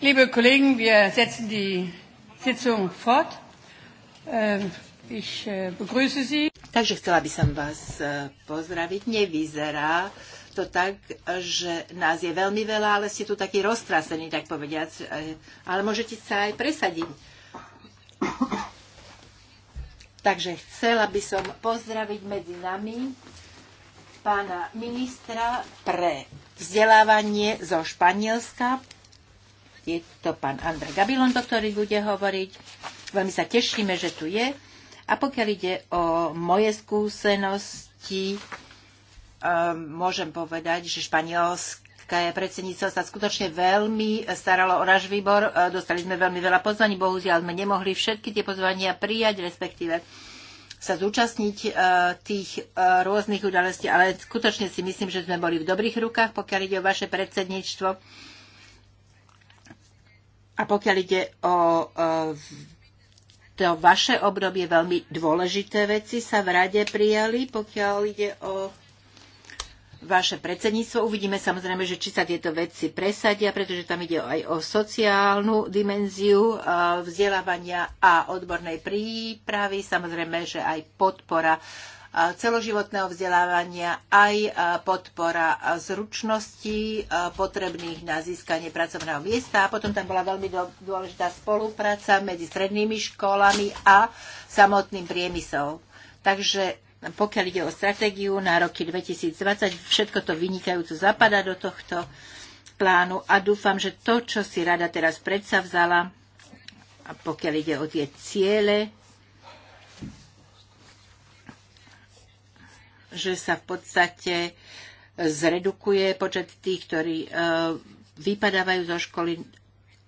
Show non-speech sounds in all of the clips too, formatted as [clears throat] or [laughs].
Liebe Kollegen, wir setzen die Sitzung fort. Ähm, ich äh, begrüße Sie. Takže chcela by som vás äh, pozdraviť. Nevyzerá to tak, že nás je veľmi veľa, ale ste tu takí roztrasení, tak povediať. Eh, ale môžete sa aj presadiť. Takže chcela by som pozdraviť medzi nami pána ministra pre vzdelávanie zo Španielska, je to pán Andrej Gabilon, do ktorý bude hovoriť. Veľmi sa tešíme, že tu je. A pokiaľ ide o moje skúsenosti, e, môžem povedať, že španielské predsedníctvo sa skutočne veľmi staralo o náš výbor. E, dostali sme veľmi veľa pozvaní, bohužiaľ sme nemohli všetky tie pozvania prijať, respektíve sa zúčastniť e, tých rôznych udalostí, ale skutočne si myslím, že sme boli v dobrých rukách, pokiaľ ide o vaše predsedníctvo a pokiaľ ide o to vaše obdobie, veľmi dôležité veci sa v rade prijali, pokiaľ ide o vaše predsedníctvo. Uvidíme samozrejme, že či sa tieto veci presadia, pretože tam ide aj o sociálnu dimenziu e, vzdelávania a odbornej prípravy. Samozrejme, že aj podpora celoživotného vzdelávania, aj e, podpora zručností e, potrebných na získanie pracovného miesta. A potom tam bola veľmi dôležitá spolupráca medzi strednými školami a samotným priemyslom. Takže pokiaľ ide o stratégiu na roky 2020, všetko to vynikajúco zapadá do tohto plánu a dúfam, že to, čo si rada teraz predsa vzala, a pokiaľ ide o tie ciele, že sa v podstate e, zredukuje počet tých, ktorí e, vypadávajú zo školy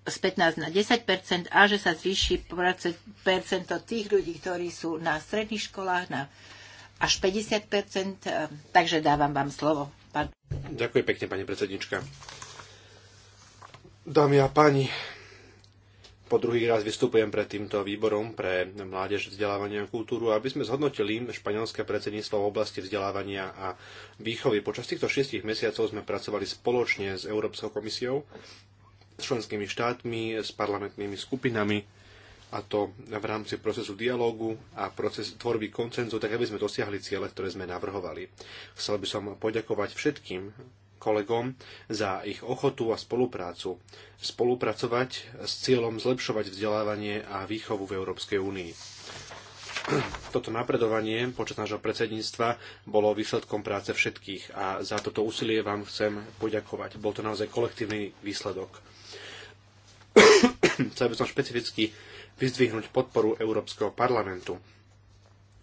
z 15 na 10 a že sa zvýši percento tých ľudí, ktorí sú na stredných školách na až 50 e, Takže dávam vám slovo. Pán. Ďakujem pekne, pani predsednička. Dámy a páni, po druhý raz vystupujem pred týmto výborom pre mládež, vzdelávania a kultúru, aby sme zhodnotili španielské predsedníctvo v oblasti vzdelávania a výchovy. Počas týchto šiestich mesiacov sme pracovali spoločne s Európskou komisiou, s členskými štátmi, s parlamentnými skupinami, a to v rámci procesu dialógu a proces tvorby koncenzu, tak aby sme dosiahli ciele, ktoré sme navrhovali. Chcel by som poďakovať všetkým kolegom za ich ochotu a spoluprácu. Spolupracovať s cieľom zlepšovať vzdelávanie a výchovu v Európskej únii. [clears throat] Toto napredovanie počas nášho predsedníctva bolo výsledkom práce všetkých a za toto úsilie vám chcem poďakovať. Bol to naozaj kolektívny výsledok. [clears throat] Chcel by som špecificky vyzdvihnúť podporu Európskeho parlamentu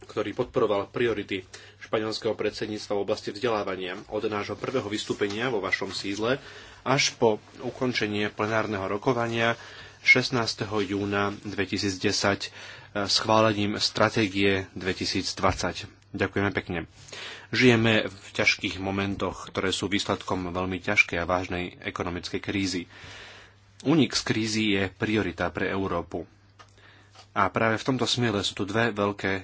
ktorý podporoval priority španielského predsedníctva v oblasti vzdelávania od nášho prvého vystúpenia vo vašom sídle až po ukončenie plenárneho rokovania 16. júna 2010 eh, schválením stratégie 2020. Ďakujeme pekne. Žijeme v ťažkých momentoch, ktoré sú výsledkom veľmi ťažkej a vážnej ekonomickej krízy. Unik z krízy je priorita pre Európu. A práve v tomto smiele sú tu dve veľké e,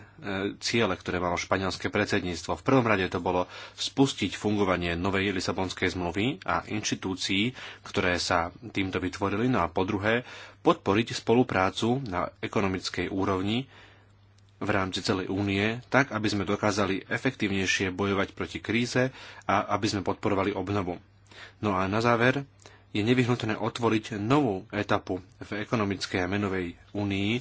ciele, ktoré malo španielské predsedníctvo. V prvom rade to bolo spustiť fungovanie novej Lisabonskej zmluvy a inštitúcií, ktoré sa týmto vytvorili, no a po druhé podporiť spoluprácu na ekonomickej úrovni v rámci celej únie, tak aby sme dokázali efektívnejšie bojovať proti kríze a aby sme podporovali obnovu. No a na záver, je nevyhnutné otvoriť novú etapu v ekonomickej a menovej únii,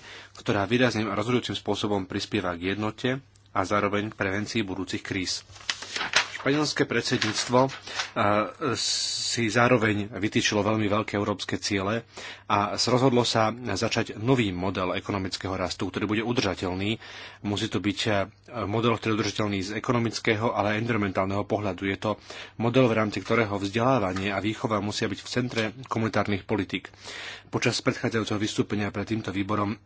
ktorá výrazným a rozhodujúcim spôsobom prispieva k jednote a zároveň k prevencii budúcich kríz. Španielské predsedníctvo si zároveň vytýčilo veľmi veľké európske ciele a rozhodlo sa začať nový model ekonomického rastu, ktorý bude udržateľný. Musí to byť model, ktorý je udržateľný z ekonomického, ale aj environmentálneho pohľadu. Je to model, v rámci ktorého vzdelávanie a výchova musia byť v centre komunitárnych politik. Počas predchádzajúceho vystúpenia pred týmto výborom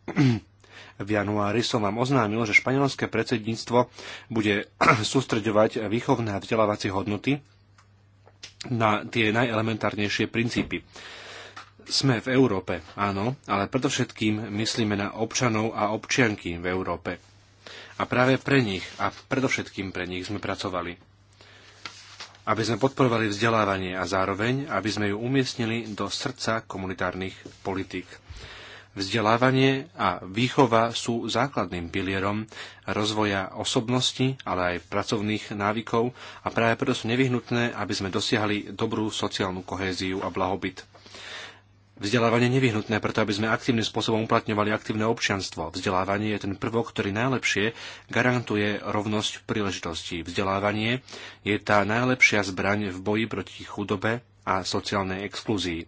v januári som vám oznámil, že španielské predsedníctvo bude [clears throat] sústreďovať výchovné a vzdelávacie hodnoty na tie najelementárnejšie princípy. Sme v Európe, áno, ale predovšetkým myslíme na občanov a občianky v Európe. A práve pre nich a predovšetkým pre nich sme pracovali. Aby sme podporovali vzdelávanie a zároveň, aby sme ju umiestnili do srdca komunitárnych politík. Vzdelávanie a výchova sú základným pilierom rozvoja osobnosti, ale aj pracovných návykov a práve preto sú nevyhnutné, aby sme dosiahli dobrú sociálnu kohéziu a blahobyt. Vzdelávanie je nevyhnutné, preto aby sme aktívnym spôsobom uplatňovali aktívne občianstvo. Vzdelávanie je ten prvok, ktorý najlepšie garantuje rovnosť príležitostí. Vzdelávanie je tá najlepšia zbraň v boji proti chudobe, a sociálnej exklúzii.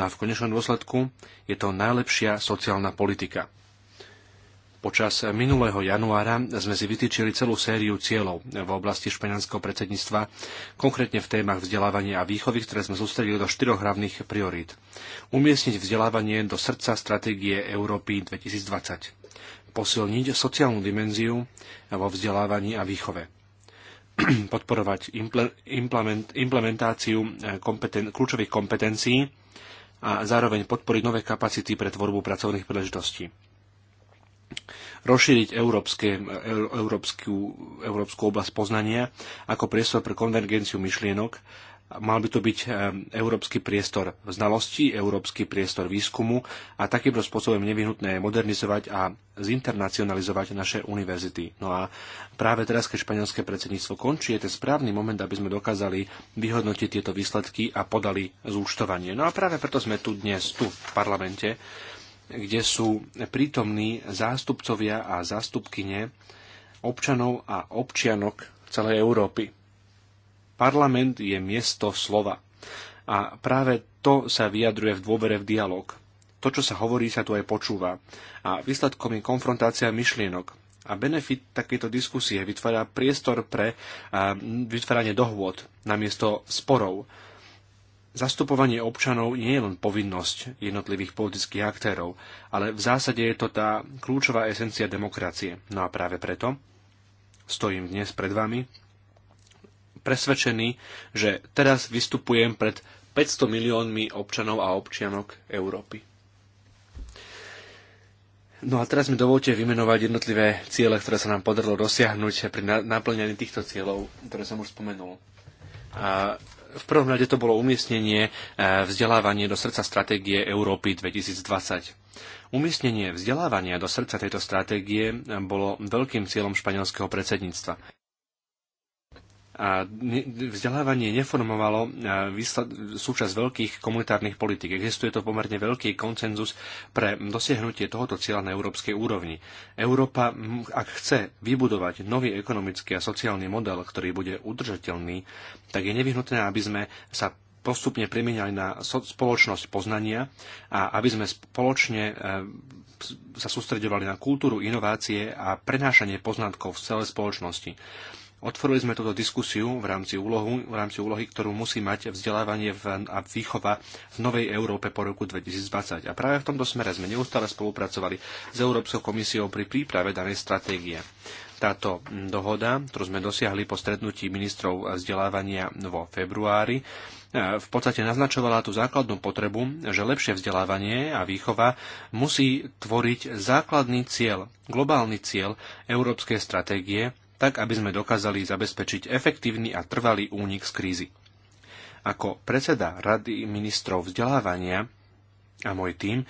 No a v konečnom dôsledku je to najlepšia sociálna politika. Počas minulého januára sme si vytýčili celú sériu cieľov v oblasti španielského predsedníctva, konkrétne v témach vzdelávania a výchovy, ktoré sme sústredili do štyroch hlavných priorít. Umiestniť vzdelávanie do srdca stratégie Európy 2020. Posilniť sociálnu dimenziu vo vzdelávaní a výchove [clears throat] podporovať implement, implementáciu eh, kompeten- kľúčových kompetencií a zároveň podporiť nové kapacity pre tvorbu pracovných príležitostí. Rozšíriť európske, eh, európsku, európsku oblasť poznania ako priestor pre konvergenciu myšlienok mal by to byť eh, európsky priestor znalostí, európsky priestor výskumu a takýmto spôsobom nevyhnutné modernizovať a zinternacionalizovať naše univerzity. No a práve teraz, keď španielské predsedníctvo končí, je ten správny moment, aby sme dokázali vyhodnotiť tieto výsledky a podali zúčtovanie. No a práve preto sme tu dnes, tu v parlamente, kde sú prítomní zástupcovia a zástupkyne občanov a občianok celej Európy. Parlament je miesto slova. A práve to sa vyjadruje v dôvere v dialog. To, čo sa hovorí, sa tu aj počúva. A výsledkom je konfrontácia myšlienok. A benefit takéto diskusie vytvára priestor pre vytváranie dohôd namiesto sporov. Zastupovanie občanov nie je len povinnosť jednotlivých politických aktérov, ale v zásade je to tá kľúčová esencia demokracie. No a práve preto stojím dnes pred vami presvedčený, že teraz vystupujem pred 500 miliónmi občanov a občianok Európy. No a teraz mi dovolte vymenovať jednotlivé ciele, ktoré sa nám podarilo dosiahnuť pri naplňaní týchto cieľov, ktoré som už spomenul. A v prvom rade to bolo umiestnenie e, vzdelávanie do srdca stratégie Európy 2020. Umiestnenie vzdelávania do srdca tejto stratégie bolo veľkým cieľom španielského predsedníctva vzdelávanie neformovalo e, súčasť veľkých komunitárnych politik. Existuje to pomerne veľký koncenzus pre dosiahnutie tohoto cieľa na európskej úrovni. Európa, ak chce vybudovať nový ekonomický a sociálny model, ktorý bude udržateľný, tak je nevyhnutné, aby sme sa postupne primieniali na spoločnosť poznania a aby sme spoločne e, sa sústredovali na kultúru, inovácie a prenášanie poznatkov v celej spoločnosti. Otvorili sme túto diskusiu v rámci, úlohu, v rámci úlohy, ktorú musí mať vzdelávanie v, a výchova v novej Európe po roku 2020. A práve v tomto smere sme neustále spolupracovali s Európskou komisiou pri príprave danej stratégie. Táto dohoda, ktorú sme dosiahli po stretnutí ministrov vzdelávania vo februári, e, v podstate naznačovala tú základnú potrebu, že lepšie vzdelávanie a výchova musí tvoriť základný cieľ, globálny cieľ európskej stratégie tak aby sme dokázali zabezpečiť efektívny a trvalý únik z krízy. Ako predseda Rady ministrov vzdelávania a môj tým eh,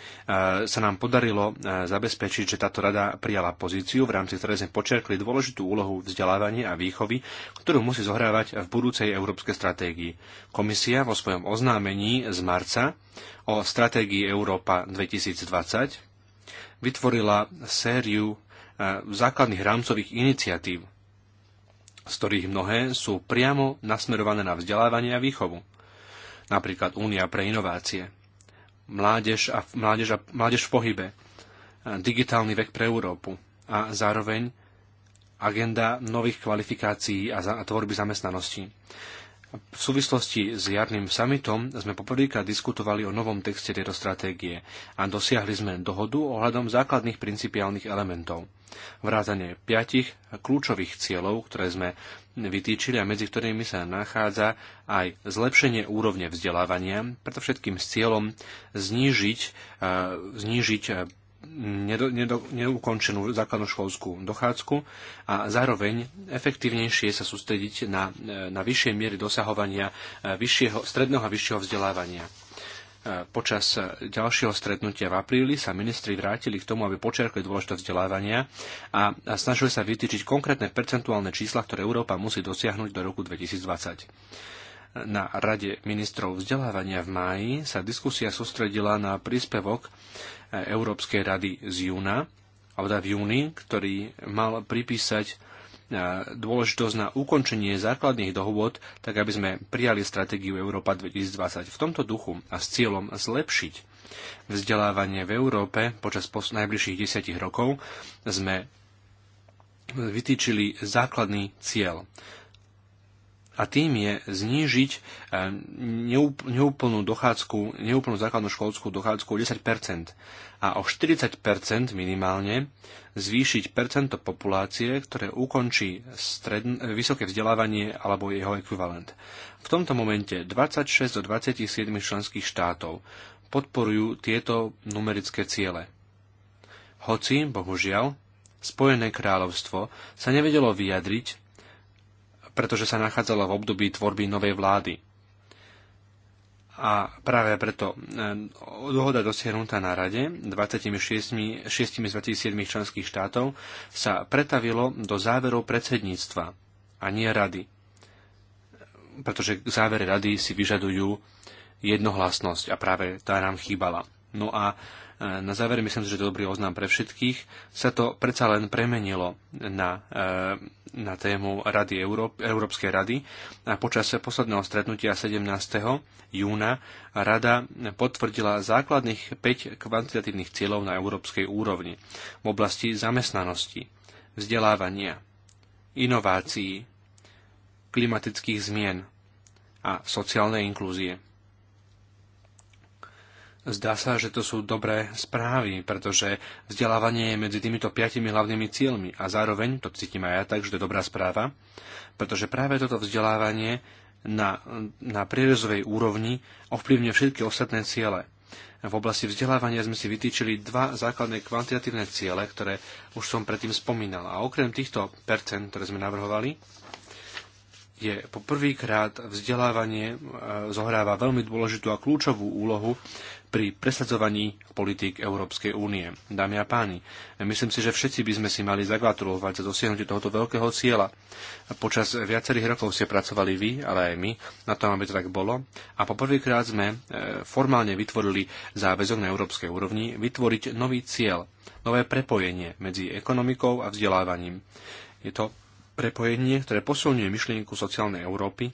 sa nám podarilo eh, zabezpečiť, že táto rada prijala pozíciu, v rámci ktorej sme počerkli dôležitú úlohu vzdelávania a výchovy, ktorú musí zohrávať v budúcej európskej stratégii. Komisia vo svojom oznámení z marca o stratégii Európa 2020 vytvorila sériu eh, základných rámcových iniciatív, z ktorých mnohé sú priamo nasmerované na vzdelávanie a výchovu. Napríklad Únia pre inovácie, Mládež, a, mládež, a, mládež v pohybe, Digitálny vek pre Európu a zároveň agenda nových kvalifikácií a, za, a tvorby zamestnanosti. V súvislosti s jarným samitom sme poprvýkrát diskutovali o novom texte tejto stratégie a dosiahli sme dohodu ohľadom základných principiálnych elementov. Vrátane piatich kľúčových cieľov, ktoré sme vytýčili a medzi ktorými sa nachádza aj zlepšenie úrovne vzdelávania, predovšetkým s cieľom znížiť, e, znížiť e, neukončenú základnú školskú dochádzku a zároveň efektívnejšie sa sústrediť na, e, na vyššie miery dosahovania e, vyššieho, stredného a vyššieho vzdelávania. E, počas ďalšieho stretnutia v apríli sa ministri vrátili k tomu, aby počiarkli dôležitosť vzdelávania a, a snažili sa vytýčiť konkrétne percentuálne čísla, ktoré Európa musí dosiahnuť do roku 2020. Na Rade ministrov vzdelávania v máji sa diskusia sústredila na príspevok e, Európskej rady z júna, alebo teda v júni, ktorý mal pripísať e, dôležitosť na ukončenie základných dohôd, tak aby sme prijali stratégiu Európa 2020 v tomto duchu a s cieľom zlepšiť vzdelávanie v Európe počas najbližších desiatich rokov sme vytýčili základný cieľ a tým je znížiť e, neúplnú dochádzku, neúplnú základnú školskú dochádzku o 10% a o 40% minimálne zvýšiť percento populácie, ktoré ukončí stredn- vysoké vzdelávanie alebo jeho ekvivalent. V tomto momente 26 do 27 členských štátov podporujú tieto numerické ciele. Hoci, bohužiaľ, Spojené kráľovstvo sa nevedelo vyjadriť pretože sa nachádzala v období tvorby novej vlády. A práve preto e, dohoda dosiahnutá na rade 26, 6 z 27 členských štátov sa pretavilo do záverov predsedníctva a nie rady. Pretože k závery rady si vyžadujú jednohlasnosť a práve tá nám chýbala. No a na záver myslím si, že to dobrý oznám pre všetkých. Sa to predsa len premenilo na, e, na tému Rady Európ, Európskej rady a počas posledného stretnutia 17. júna Rada potvrdila základných 5 kvantitatívnych cieľov na európskej úrovni v oblasti zamestnanosti, vzdelávania, inovácií, klimatických zmien a sociálnej inklúzie. Zdá sa, že to sú dobré správy, pretože vzdelávanie je medzi týmito piatimi hlavnými cieľmi a zároveň, to cítim aj ja tak, že to je dobrá správa, pretože práve toto vzdelávanie na, na prierezovej úrovni ovplyvňuje všetky ostatné ciele. V oblasti vzdelávania sme si vytýčili dva základné kvantitatívne ciele, ktoré už som predtým spomínal. A okrem týchto percent, ktoré sme navrhovali, je poprvýkrát vzdelávanie e, zohráva veľmi dôležitú a kľúčovú úlohu pri presadzovaní politík Európskej únie. Dámy a páni, myslím si, že všetci by sme si mali zagratulovať za dosiahnutie tohoto veľkého cieľa. Počas viacerých rokov ste pracovali vy, ale aj my, na tom, aby to tak bolo. A poprvýkrát sme e, formálne vytvorili záväzok na európskej úrovni vytvoriť nový cieľ, nové prepojenie medzi ekonomikou a vzdelávaním. Je to prepojenie, ktoré posilňuje myšlienku sociálnej Európy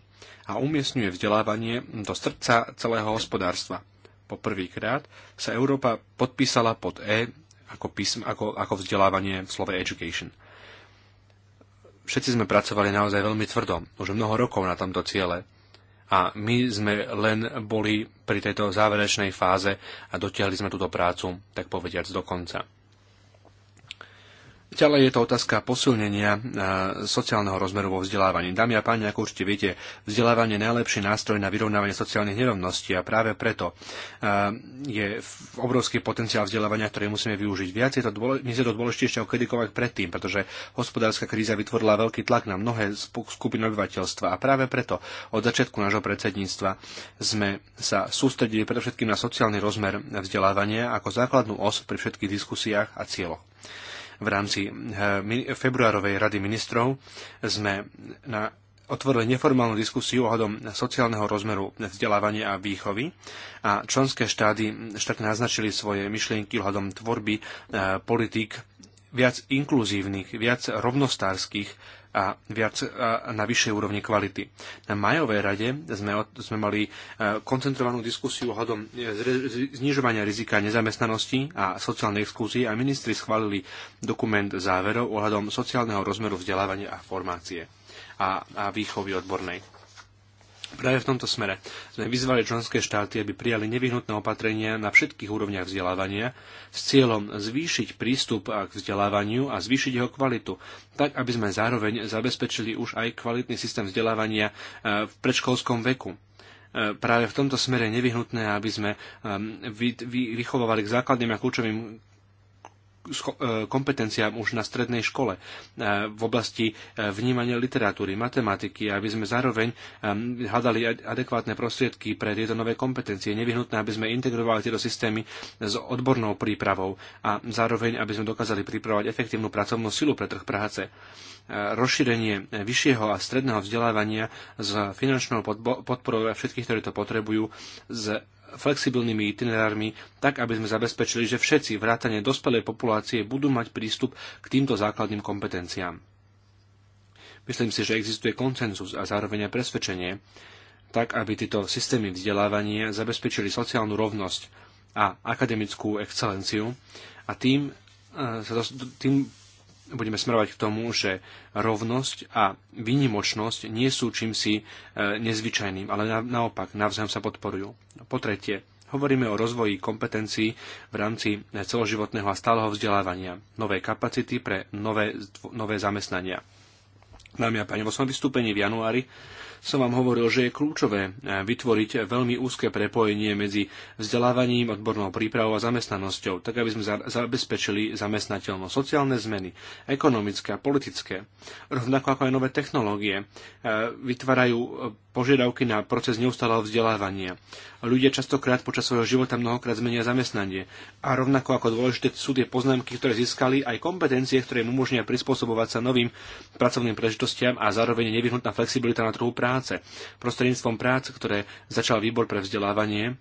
a umiestňuje vzdelávanie do srdca celého hospodárstva poprvýkrát sa Európa podpísala pod E ako, písm, ako, ako vzdelávanie v slove education. Všetci sme pracovali naozaj veľmi tvrdo, už mnoho rokov na tomto ciele. A my sme len boli pri tejto záverečnej fáze a dotiahli sme túto prácu, tak povediac, do konca. Ďalej je to otázka posilnenia e, sociálneho rozmeru vo vzdelávaní. Dámy a páni, ako určite viete, vzdelávanie je najlepší nástroj na vyrovnávanie sociálnych nerovností a práve preto e, je obrovský potenciál vzdelávania, ktorý musíme využiť. Viac je to, dôle, je to dôležitejšie ako kedykoľvek predtým, pretože hospodárska kríza vytvorila veľký tlak na mnohé skupiny obyvateľstva a práve preto od začiatku nášho predsedníctva sme sa sústredili predovšetkým na sociálny rozmer vzdelávania ako základnú os pri všetkých diskusiách a cieľoch v rámci eh, februárovej rady ministrov sme na otvorili neformálnu diskusiu ohľadom sociálneho rozmeru vzdelávania a výchovy a členské štády štát naznačili svoje myšlienky ohľadom tvorby eh, politik viac inkluzívnych, viac rovnostárskych a, viac, a na vyššej úrovni kvality. Na majovej rade sme, sme mali e, koncentrovanú diskusiu ohľadom e, znižovania rizika nezamestnanosti a sociálnej exkluzie a ministri schválili dokument záverov ohľadom sociálneho rozmeru vzdelávania a formácie a, a výchovy odbornej. Práve v tomto smere sme vyzvali členské štáty, aby prijali nevyhnutné opatrenia na všetkých úrovniach vzdelávania s cieľom zvýšiť prístup k vzdelávaniu a zvýšiť jeho kvalitu, tak aby sme zároveň zabezpečili už aj kvalitný systém vzdelávania e, v predškolskom veku e, práve v tomto smere je nevyhnutné, aby sme e, vychovovali k základným a kľúčovým E, kompetenciám už na strednej škole e, v oblasti e, vnímania literatúry, matematiky, aby sme zároveň hľadali adekvátne prostriedky pre tieto nové kompetencie. Nevyhnutné, aby sme integrovali tieto systémy s odbornou prípravou a zároveň, aby sme dokázali pripravovať efektívnu pracovnú silu pre trh práce rozšírenie vyššieho a stredného vzdelávania s finančnou podporou a všetkých, ktorí to potrebujú, s flexibilnými itinerármi, tak aby sme zabezpečili, že všetci vrátane dospelej populácie budú mať prístup k týmto základným kompetenciám. Myslím si, že existuje koncenzus a zároveň aj presvedčenie, tak aby tieto systémy vzdelávania zabezpečili sociálnu rovnosť a akademickú excelenciu a tým, e, tým budeme smerovať k tomu, že rovnosť a výnimočnosť nie sú čímsi e, nezvyčajným, ale naopak navzájom sa podporujú. Po tretie, hovoríme o rozvoji kompetencií v rámci celoživotného a stáleho vzdelávania, nové kapacity pre nové, nové zamestnania. Dámy a páni, vo svojom vystúpení v januári som vám hovoril, že je kľúčové eh, vytvoriť veľmi úzke prepojenie medzi vzdelávaním, odbornou prípravou a zamestnanosťou, tak aby sme zabezpečili zamestnateľnosť, sociálne zmeny, ekonomické a politické, rovnako ako aj nové technológie, eh, vytvárajú eh, požiadavky na proces neustáleho vzdelávania. Ľudia častokrát počas svojho života mnohokrát zmenia zamestnanie a rovnako ako dôležité sú tie poznámky, ktoré získali, aj kompetencie, ktoré im umožnia prispôsobovať sa novým pracovným príležitostiam a zároveň nevyhnutná flexibilita na trhu práce. Prostredníctvom práce, ktoré začal výbor pre vzdelávanie,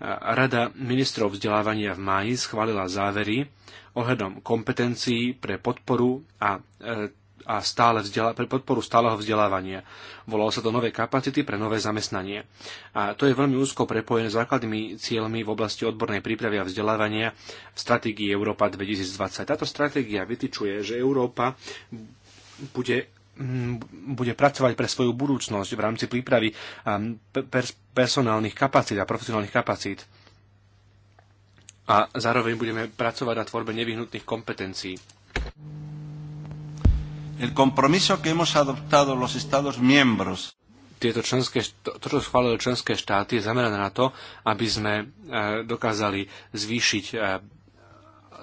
Rada ministrov vzdelávania v máji schválila závery ohľadom kompetencií pre podporu a e, a stále vzdiala- pre podporu stáleho vzdelávania. Volalo sa to nové kapacity pre nové zamestnanie. A to je veľmi úzko prepojené s základnými cieľmi v oblasti odbornej prípravy a vzdelávania v stratégii Európa 2020. Táto stratégia vytyčuje, že Európa bude bude pracovať pre svoju budúcnosť v rámci prípravy personálnych kapacít a profesionálnych kapacít. A zároveň budeme pracovať na tvorbe nevyhnutných kompetencií. El compromiso que hemos adoptado los Estados miembros tieto členské, to, to, čo schválili členské štáty, je zamerané na to, aby sme eh, dokázali zvýšiť eh,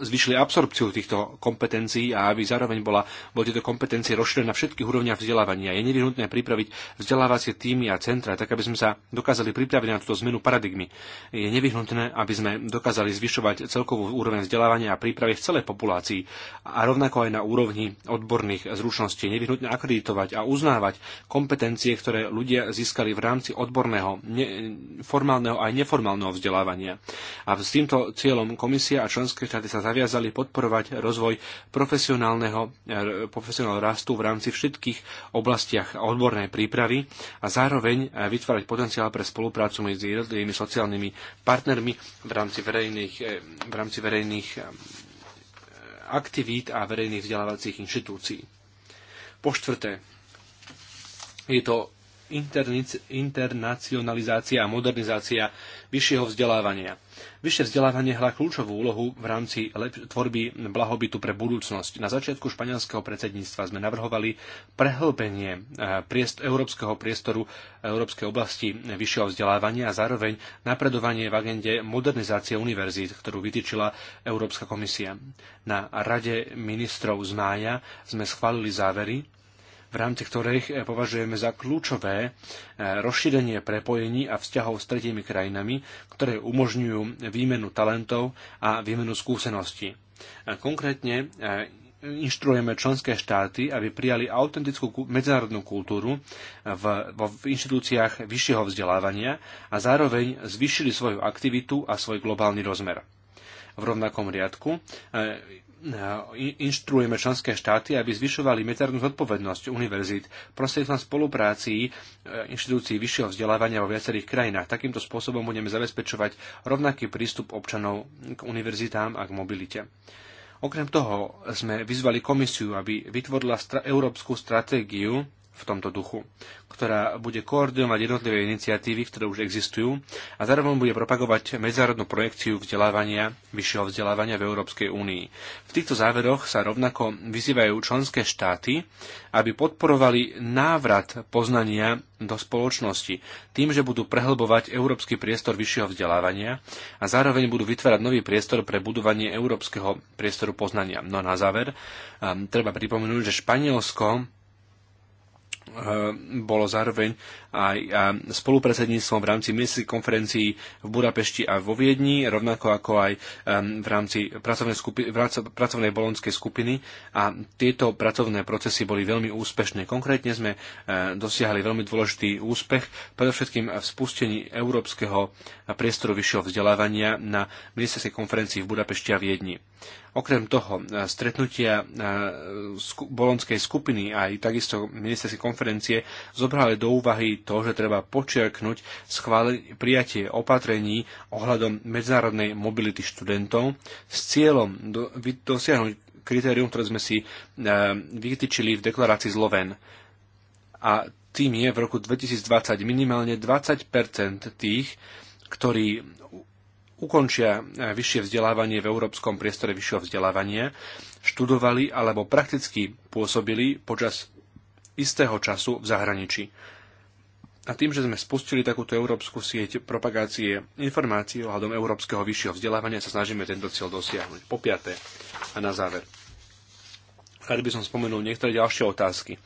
zvýšili absorpciu týchto kompetencií a aby zároveň bola, boli tieto kompetencie rozšírené na všetkých úrovniach vzdelávania. Je nevyhnutné pripraviť vzdelávacie týmy a centra, tak aby sme sa dokázali pripraviť na túto zmenu paradigmy. Je nevyhnutné, aby sme dokázali zvyšovať celkovú úroveň vzdelávania a prípravy v celej populácii a rovnako aj na úrovni odborných zručností. Je nevyhnutné akreditovať a uznávať kompetencie, ktoré ľudia získali v rámci odborného, ne, formálneho aj neformálneho vzdelávania. A s týmto cieľom komisia a členské štáty sa zaviazali podporovať rozvoj profesionálneho, profesionálneho rastu v rámci všetkých oblastiach odbornej prípravy a zároveň vytvárať potenciál pre spoluprácu medzi jednotlivými sociálnymi partnermi v rámci verejných, v rámci verejných eh, aktivít a verejných vzdelávacích inštitúcií. Po štvrté, je to internacionalizácia a modernizácia vyššieho vzdelávania. Vyššie vzdelávanie hrá kľúčovú úlohu v rámci tvorby blahobytu pre budúcnosť. Na začiatku španielského predsedníctva sme navrhovali prehlbenie e, priest- európskeho priestoru európskej oblasti vyššieho vzdelávania a zároveň napredovanie v agende modernizácie univerzít, ktorú vytýčila Európska komisia. Na Rade ministrov z mája sme schválili závery, rámci ktorých eh, považujeme za kľúčové eh, rozšírenie prepojení a vzťahov s tretími krajinami, ktoré umožňujú výmenu talentov a výmenu skúseností. Eh, konkrétne inštruujeme členské štáty, aby prijali autentickú medzinárodnú kultúru v, v, v inštitúciách vyššieho vzdelávania a zároveň zvýšili svoju aktivitu a svoj globálny rozmer. V rovnakom riadku inštruujeme členské štáty, aby zvyšovali meternú zodpovednosť univerzít prostredníctvom spolupráci e, inštitúcií vyššieho vzdelávania vo viacerých krajinách. Takýmto spôsobom budeme zabezpečovať rovnaký prístup občanov k univerzitám a k mobilite. Okrem toho sme vyzvali komisiu, aby vytvorila stra- európsku stratégiu v tomto duchu, ktorá bude koordinovať jednotlivé iniciatívy, ktoré už existujú a zároveň bude propagovať medzinárodnú projekciu vzdelávania, vyššieho vzdelávania v Európskej únii. V týchto záveroch sa rovnako vyzývajú členské štáty, aby podporovali návrat poznania do spoločnosti tým, že budú prehlbovať európsky priestor vyššieho vzdelávania a zároveň budú vytvárať nový priestor pre budovanie európskeho priestoru poznania. No a na záver, um, treba pripomenúť, že Španielsko Eh, bolo zároveň aj spolupredsedníctvom v rámci ministerských konferencií v Budapešti a vo Viedni, rovnako ako aj v rámci pracovnej, skupi- pracovnej bolonskej skupiny a tieto pracovné procesy boli veľmi úspešné. Konkrétne sme eh, dosiahli veľmi dôležitý úspech, predovšetkým v spustení európskeho priestoru vyššieho vzdelávania na ministerskej konferencii v Budapešti a Viedni. Okrem toho, e, stretnutia e, bolonskej skupiny a aj takisto ministerskej konferencie zobrali do úvahy to, že treba počiarknúť prijatie opatrení ohľadom medzinárodnej mobility študentov s cieľom do, dosiahnuť kritérium, ktoré sme si e, vytýčili v deklarácii zloven. A tým je v roku 2020 minimálne 20 tých, ktorí ukončia e, vyššie vzdelávanie v európskom priestore vyššieho vzdelávania, študovali alebo prakticky pôsobili počas istého času v zahraničí. A tým, že sme spustili takúto európsku sieť propagácie informácií o hľadom európskeho vyššieho vzdelávania, sa snažíme tento cieľ dosiahnuť. Po piaté a na záver rád by som spomenul niektoré ďalšie otázky,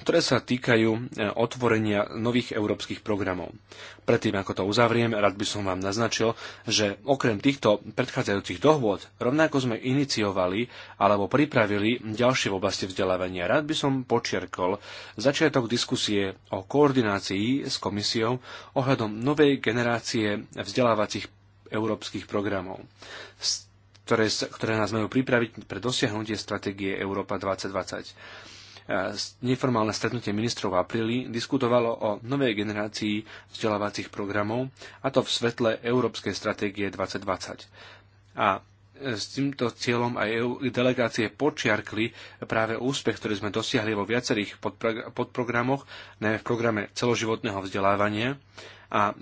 ktoré sa týkajú e, otvorenia nových európskych programov. Predtým, ako to uzavriem, rád by som vám naznačil, že okrem týchto predchádzajúcich dohôd, rovnako sme iniciovali alebo pripravili ďalšie v oblasti vzdelávania. Rád by som počiarkol začiatok diskusie o koordinácii s komisiou ohľadom novej generácie vzdelávacích európskych programov. S ktoré, ktoré nás majú pripraviť pre dosiahnutie stratégie Európa 2020 neformálne stretnutie ministrov v apríli diskutovalo o novej generácii vzdelávacích programov, a to v svetle Európskej stratégie 2020. A e, s týmto cieľom aj EU delegácie počiarkli práve úspech, ktorý sme dosiahli vo viacerých podprogramoch, najmä v programe celoživotného vzdelávania. A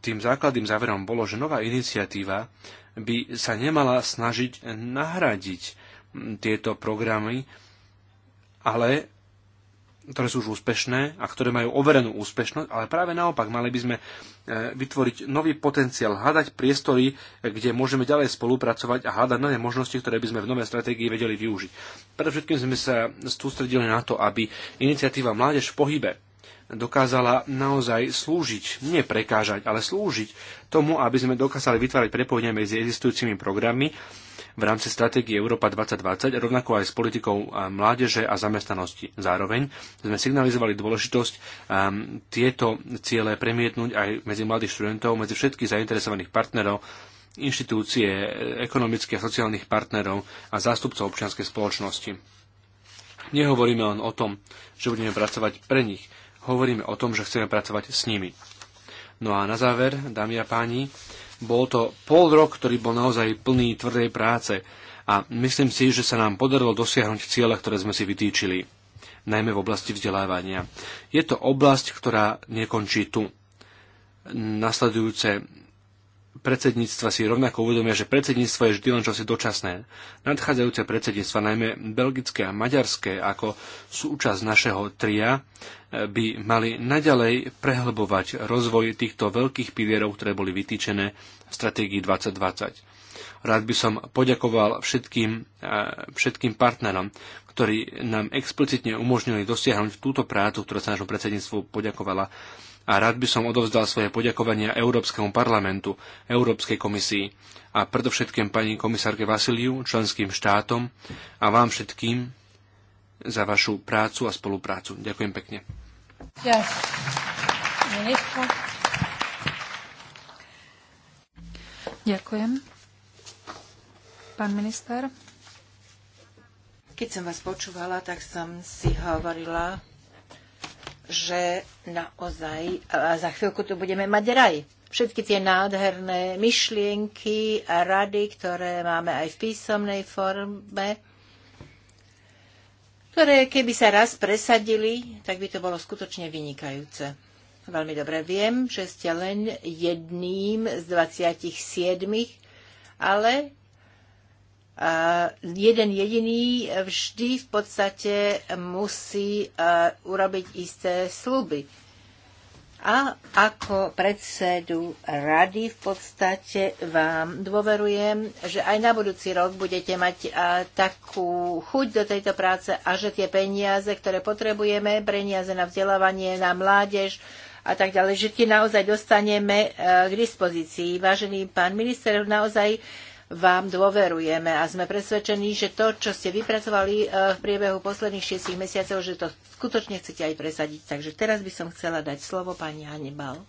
tým základným záverom bolo, že nová iniciatíva by sa nemala snažiť nahradiť tieto programy, ale ktoré sú už úspešné a ktoré majú overenú úspešnosť, ale práve naopak mali by sme e, vytvoriť nový potenciál, hľadať priestory, kde môžeme ďalej spolupracovať a hľadať nové možnosti, ktoré by sme v novej stratégii vedeli využiť. Predovšetkým sme sa sústredili na to, aby iniciatíva Mládež v pohybe dokázala naozaj slúžiť, nie prekážať, ale slúžiť tomu, aby sme dokázali vytvárať prepojenia medzi existujúcimi programmi v rámci stratégie Európa 2020, rovnako aj s politikou mládeže a zamestnanosti. Zároveň sme signalizovali dôležitosť um, tieto ciele premietnúť aj medzi mladých študentov, medzi všetkých zainteresovaných partnerov, inštitúcie, ekonomických a sociálnych partnerov a zástupcov občianskej spoločnosti. Nehovoríme len o tom, že budeme pracovať pre nich, hovoríme o tom, že chceme pracovať s nimi. No a na záver, dámy a páni, bol to pol rok, ktorý bol naozaj plný tvrdej práce a myslím si, že sa nám podarilo dosiahnuť ciele, ktoré sme si vytýčili, najmä v oblasti vzdelávania. Je to oblasť, ktorá nekončí tu. Nasledujúce predsedníctva si rovnako uvedomia, že predsedníctvo je vždy len čosi dočasné. Nadchádzajúce predsedníctva, najmä belgické a maďarské, ako súčasť našeho tria, eh, by mali naďalej prehlbovať rozvoj týchto veľkých pilierov, ktoré boli vytýčené v stratégii 2020. Rád by som poďakoval všetkým, eh, všetkým partnerom, ktorí nám explicitne umožnili dosiahnuť túto prácu, ktorá sa našom predsedníctvu poďakovala a rád by som odovzdal svoje poďakovania Európskemu parlamentu, Európskej komisii a predovšetkým pani komisárke Vasiliu, členským štátom a vám všetkým za vašu prácu a spoluprácu. Ďakujem pekne. Ďakujem. Pán minister. Keď som vás počúvala, tak som si hovorila, že naozaj za chvíľku tu budeme mať raj. Všetky tie nádherné myšlienky a rady, ktoré máme aj v písomnej forme, ktoré keby sa raz presadili, tak by to bolo skutočne vynikajúce. Veľmi dobre viem, že ste len jedným z 27, ale Eh, jeden jediný vždy v podstate musí eh, urobiť isté sluby. A ako predsedu rady v podstate vám dôverujem, že aj na budúci rok budete mať eh, takú chuť do tejto práce a že tie peniaze, ktoré potrebujeme, peniaze na vzdelávanie, na mládež, a tak ďalej, že tie naozaj dostaneme k dispozícii. Vážený pán minister, naozaj vám dôverujeme a sme presvedčení, že to, čo ste vypracovali e, v priebehu posledných šiestich mesiacov, že to skutočne chcete aj presadiť. Takže teraz by som chcela dať slovo pani Hannibal.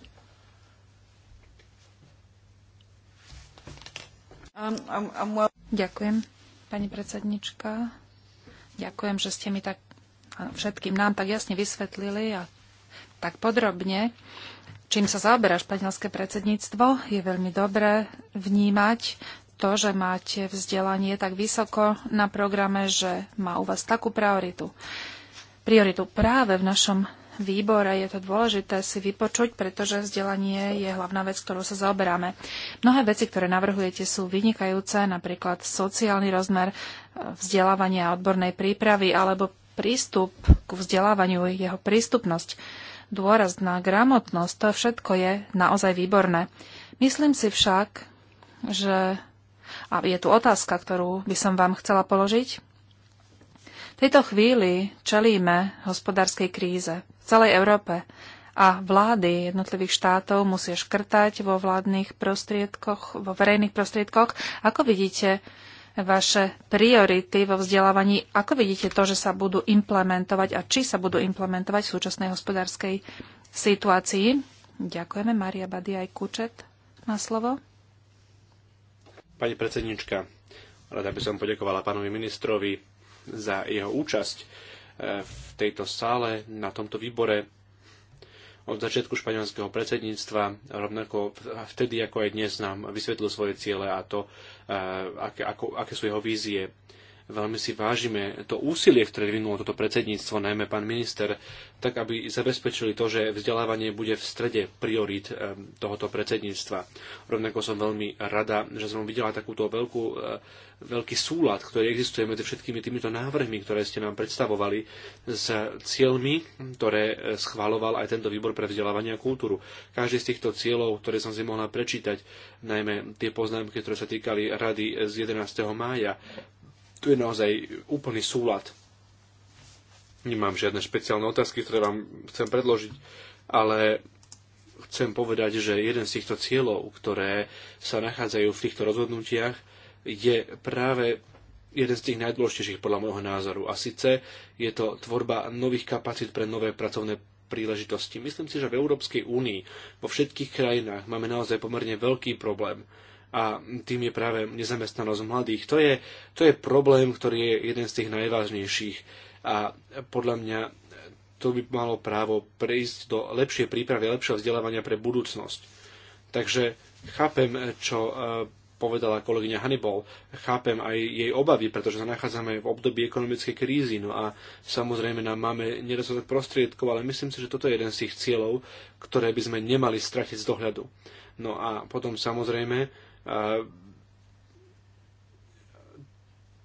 Um, um, um, Ďakujem, pani predsednička. Ďakujem, že ste mi tak všetkým nám tak jasne vysvetlili a tak podrobne, čím sa zaoberá španielské predsedníctvo. Je veľmi dobré vnímať to, že máte vzdelanie tak vysoko na programe, že má u vás takú prioritu. Prioritu práve v našom výbore je to dôležité si vypočuť, pretože vzdelanie je hlavná vec, ktorú sa zaoberáme. Mnohé veci, ktoré navrhujete, sú vynikajúce, napríklad sociálny rozmer e, vzdelávania a odbornej prípravy alebo prístup k vzdelávaniu, jeho prístupnosť, dôraz na gramotnosť, to všetko je naozaj výborné. Myslím si však, že a je tu otázka, ktorú by som vám chcela položiť. V tejto chvíli čelíme hospodárskej kríze v celej Európe a vlády jednotlivých štátov musia škrtať vo vládnych prostriedkoch, vo verejných prostriedkoch. Ako vidíte vaše priority vo vzdelávaní? Ako vidíte to, že sa budú implementovať a či sa budú implementovať v súčasnej hospodárskej situácii? Ďakujeme. Maria Badiaj Kučet má slovo. Pani predsednička, rada by som poďakovala pánovi ministrovi za jeho účasť e, v tejto sále, na tomto výbore od začiatku španielského predsedníctva, rovnako vtedy ako aj dnes nám vysvetlil svoje ciele a to, e, aké, ako, aké sú jeho vízie Veľmi si vážime to úsilie, ktoré vyvinulo toto predsedníctvo, najmä pán minister, tak aby zabezpečili to, že vzdelávanie bude v strede priorít eh, tohoto predsedníctva. Rovnako som veľmi rada, že som videla takúto veľkú, eh, veľký súlad, ktorý existuje medzi všetkými týmito návrhmi, ktoré ste nám predstavovali, s cieľmi, ktoré eh, schváloval aj tento výbor pre vzdelávanie a kultúru. Každý z týchto cieľov, ktoré som si mohla prečítať, najmä tie poznámky, ktoré sa týkali rady z 11. mája, tu je naozaj úplný súlad. Nemám žiadne špeciálne otázky, ktoré vám chcem predložiť, ale chcem povedať, že jeden z týchto cieľov, ktoré sa nachádzajú v týchto rozhodnutiach, je práve jeden z tých najdôležitejších podľa môjho názoru. A síce je to tvorba nových kapacít pre nové pracovné príležitosti. Myslím si, že v Európskej únii, vo všetkých krajinách máme naozaj pomerne veľký problém a tým je práve nezamestnanosť mladých. To je, to je problém, ktorý je jeden z tých najvážnejších a podľa mňa to by malo právo prejsť do lepšie prípravy, lepšieho vzdelávania pre budúcnosť. Takže chápem, čo e, povedala kolegyňa Hannibal. Chápem aj jej obavy, pretože sa nachádzame v období ekonomickej krízy. No a samozrejme nám máme nedostatok prostriedkov, ale myslím si, že toto je jeden z tých cieľov, ktoré by sme nemali stratiť z dohľadu. No a potom samozrejme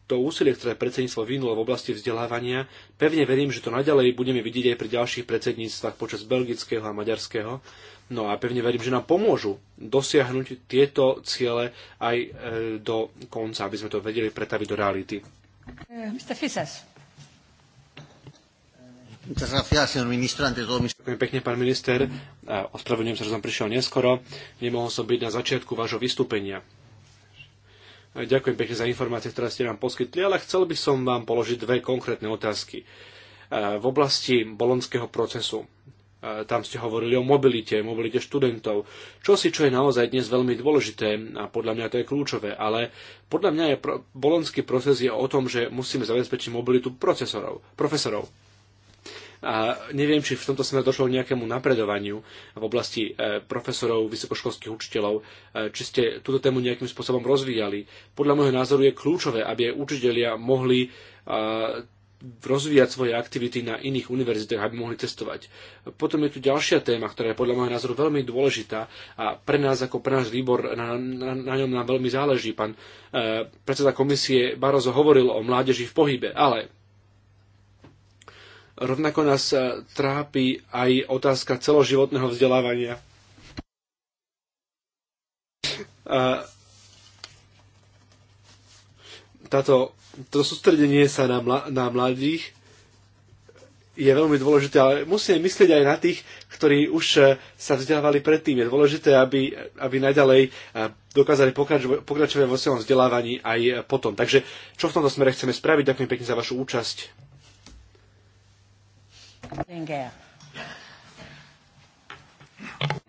to úsilie, ktoré predsedníctvo vynulo v oblasti vzdelávania, pevne verím, že to naďalej budeme vidieť aj pri ďalších predsedníctvách počas belgického a maďarského. No a pevne verím, že nám pomôžu dosiahnuť tieto ciele aj e, do konca, aby sme to vedeli pretaviť do reality. E, Mr. Fisas. Ďakujem pekne, pán minister. Ospravedlňujem sa, že som prišiel neskoro. Nemohol som byť na začiatku vášho vystúpenia. Ďakujem pekne za informácie, ktoré ste nám poskytli, ale chcel by som vám položiť dve konkrétne otázky. V oblasti bolonského procesu, tam ste hovorili o mobilite, mobilite študentov, čo si čo je naozaj dnes veľmi dôležité a podľa mňa to je kľúčové, ale podľa mňa je bolonský proces je o tom, že musíme zabezpečiť mobilitu procesorov, profesorov a neviem, či v tomto smere došlo k nejakému napredovaniu v oblasti e, profesorov, vysokoškolských učiteľov, e, či ste túto tému nejakým spôsobom rozvíjali. Podľa môjho názoru je kľúčové, aby aj učiteľia mohli e, rozvíjať svoje aktivity na iných univerzitách, aby mohli cestovať. Potom je tu ďalšia téma, ktorá je podľa môjho názoru veľmi dôležitá a pre nás ako pre náš výbor na, na, na ňom nám veľmi záleží. Pán e, predseda komisie Barozo hovoril o mládeži v pohybe, ale Rovnako nás e, trápi aj otázka celoživotného vzdelávania. Táto, to sústredenie sa na, mla, na mladých je veľmi dôležité, ale musíme myslieť aj na tých, ktorí už e, sa vzdelávali predtým. Je dôležité, aby, aby naďalej e, dokázali pokračovať, pokračovať vo svojom vzdelávaní aj potom. Takže čo v tomto smere chceme spraviť? Ďakujem pekne za vašu účasť. Beringer.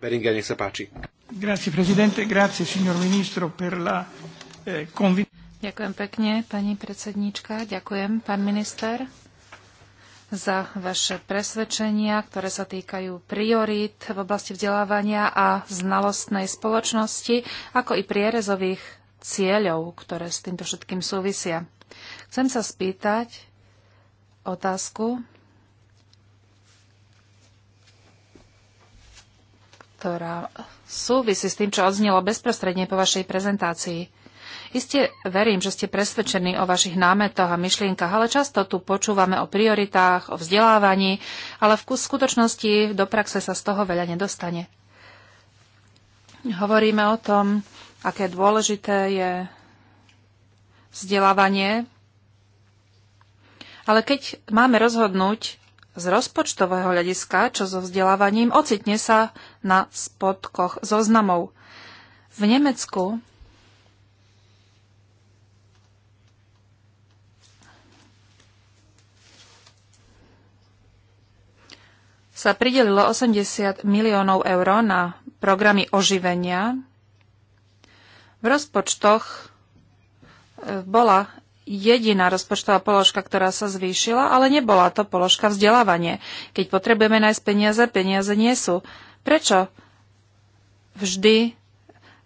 Beringer, nech sa páči. Grazie, prezidente, grazie, signor ministro, per la eh, Ďakujem pekne, pani predsedníčka. Ďakujem, pán minister, za vaše presvedčenia, ktoré sa týkajú priorít v oblasti vzdelávania a znalostnej spoločnosti, ako i prierezových cieľov, ktoré s týmto všetkým súvisia. Chcem sa spýtať otázku, ktorá súvisí s tým, čo odznelo bezprostredne po vašej prezentácii. Isté verím, že ste presvedčení o vašich námetoch a myšlienkach, ale často tu počúvame o prioritách, o vzdelávaní, ale v skutočnosti do praxe sa z toho veľa nedostane. Hovoríme o tom, aké dôležité je vzdelávanie, ale keď máme rozhodnúť z rozpočtového hľadiska, čo so vzdelávaním, ocitne sa na spodkoch zoznamov. V Nemecku sa pridelilo 80 miliónov eur na programy oživenia. V rozpočtoch e, bola jediná rozpočtová položka, ktorá sa zvýšila, ale nebola to položka vzdelávanie. Keď potrebujeme nájsť peniaze, peniaze nie sú Prečo vždy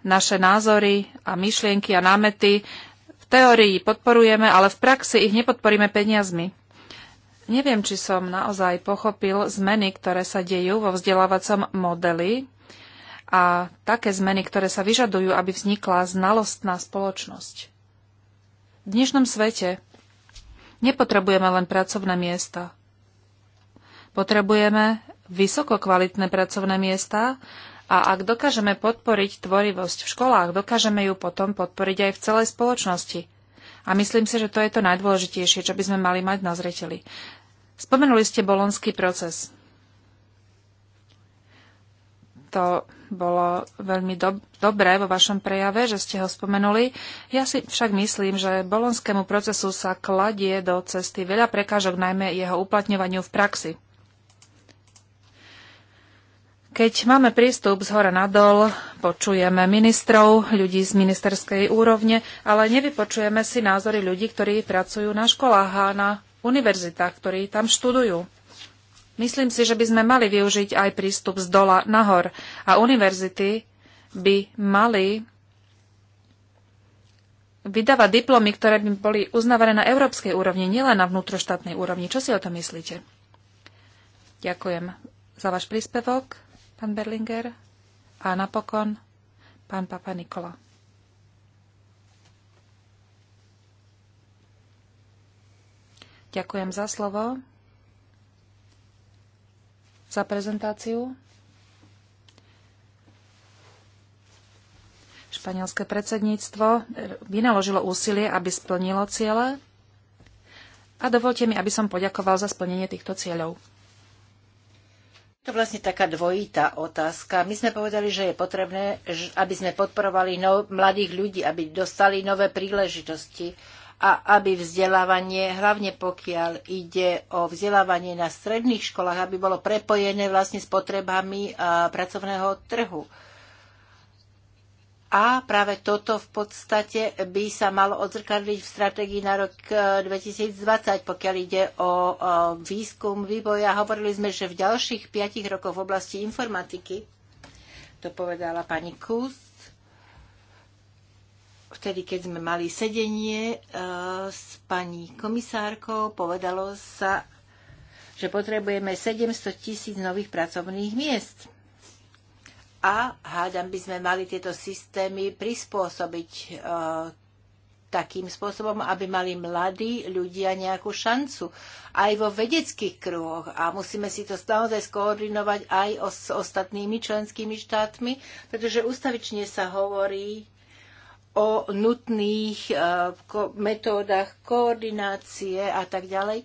naše názory a myšlienky a námety v teórii podporujeme, ale v praxi ich nepodporíme peniazmi? Neviem, či som naozaj pochopil zmeny, ktoré sa dejú vo vzdelávacom modeli a také zmeny, ktoré sa vyžadujú, aby vznikla znalostná spoločnosť. V dnešnom svete nepotrebujeme len pracovné miesta. Potrebujeme vysokokvalitné pracovné miesta a ak dokážeme podporiť tvorivosť v školách, dokážeme ju potom podporiť aj v celej spoločnosti. A myslím si, že to je to najdôležitejšie, čo by sme mali mať na zreteli. Spomenuli ste bolonský proces. To bolo veľmi do- dobré vo vašom prejave, že ste ho spomenuli. Ja si však myslím, že bolonskému procesu sa kladie do cesty veľa prekážok, najmä jeho uplatňovaniu v praxi. Keď máme prístup z hora na dol, počujeme ministrov, ľudí z ministerskej úrovne, ale nevypočujeme si názory ľudí, ktorí pracujú na školách a na univerzitách, ktorí tam študujú. Myslím si, že by sme mali využiť aj prístup z dola nahor a univerzity by mali vydávať diplomy, ktoré by boli uznávané na európskej úrovni, nielen na vnútroštátnej úrovni. Čo si o tom myslíte? Ďakujem za váš príspevok pán Berlinger a napokon pán Papa Nikola. Ďakujem za slovo, za prezentáciu. Španielské predsedníctvo vynaložilo úsilie, aby splnilo ciele a dovolte mi, aby som poďakoval za splnenie týchto cieľov to je vlastne taká dvojitá otázka. My sme povedali, že je potrebné, aby sme podporovali no, mladých ľudí, aby dostali nové príležitosti a aby vzdelávanie, hlavne pokiaľ ide o vzdelávanie na stredných školách, aby bolo prepojené vlastne s potrebami pracovného trhu. A práve toto v podstate by sa malo odzrkadliť v stratégii na rok 2020, e, pokiaľ ide o e, výskum, vývoja, hovorili sme, že v ďalších piatich rokoch v oblasti informatiky, to povedala pani Kus, vtedy, keď sme mali sedenie e, s pani komisárkou, povedalo sa, že potrebujeme 700 tisíc nových pracovných miest a hádam by sme mali tieto systémy prispôsobiť e, takým spôsobom, aby mali mladí ľudia nejakú šancu aj vo vedeckých kruhoch. A musíme si to naozaj skoordinovať aj s ostatnými členskými štátmi, pretože ustavične sa hovorí o nutných e, metódach koordinácie a tak ďalej.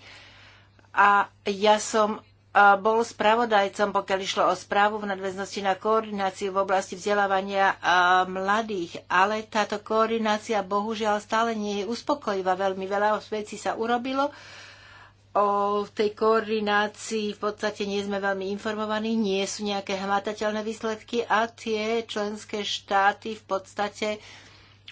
A ja som bol spravodajcom, pokiaľ išlo o správu v nadväznosti na koordináciu v oblasti vzdelávania mladých, ale táto koordinácia bohužiaľ stále nie je uspokojivá. Veľmi veľa vecí sa urobilo. O tej koordinácii v podstate nie sme veľmi informovaní, nie sú nejaké hmatateľné výsledky a tie členské štáty v podstate uh,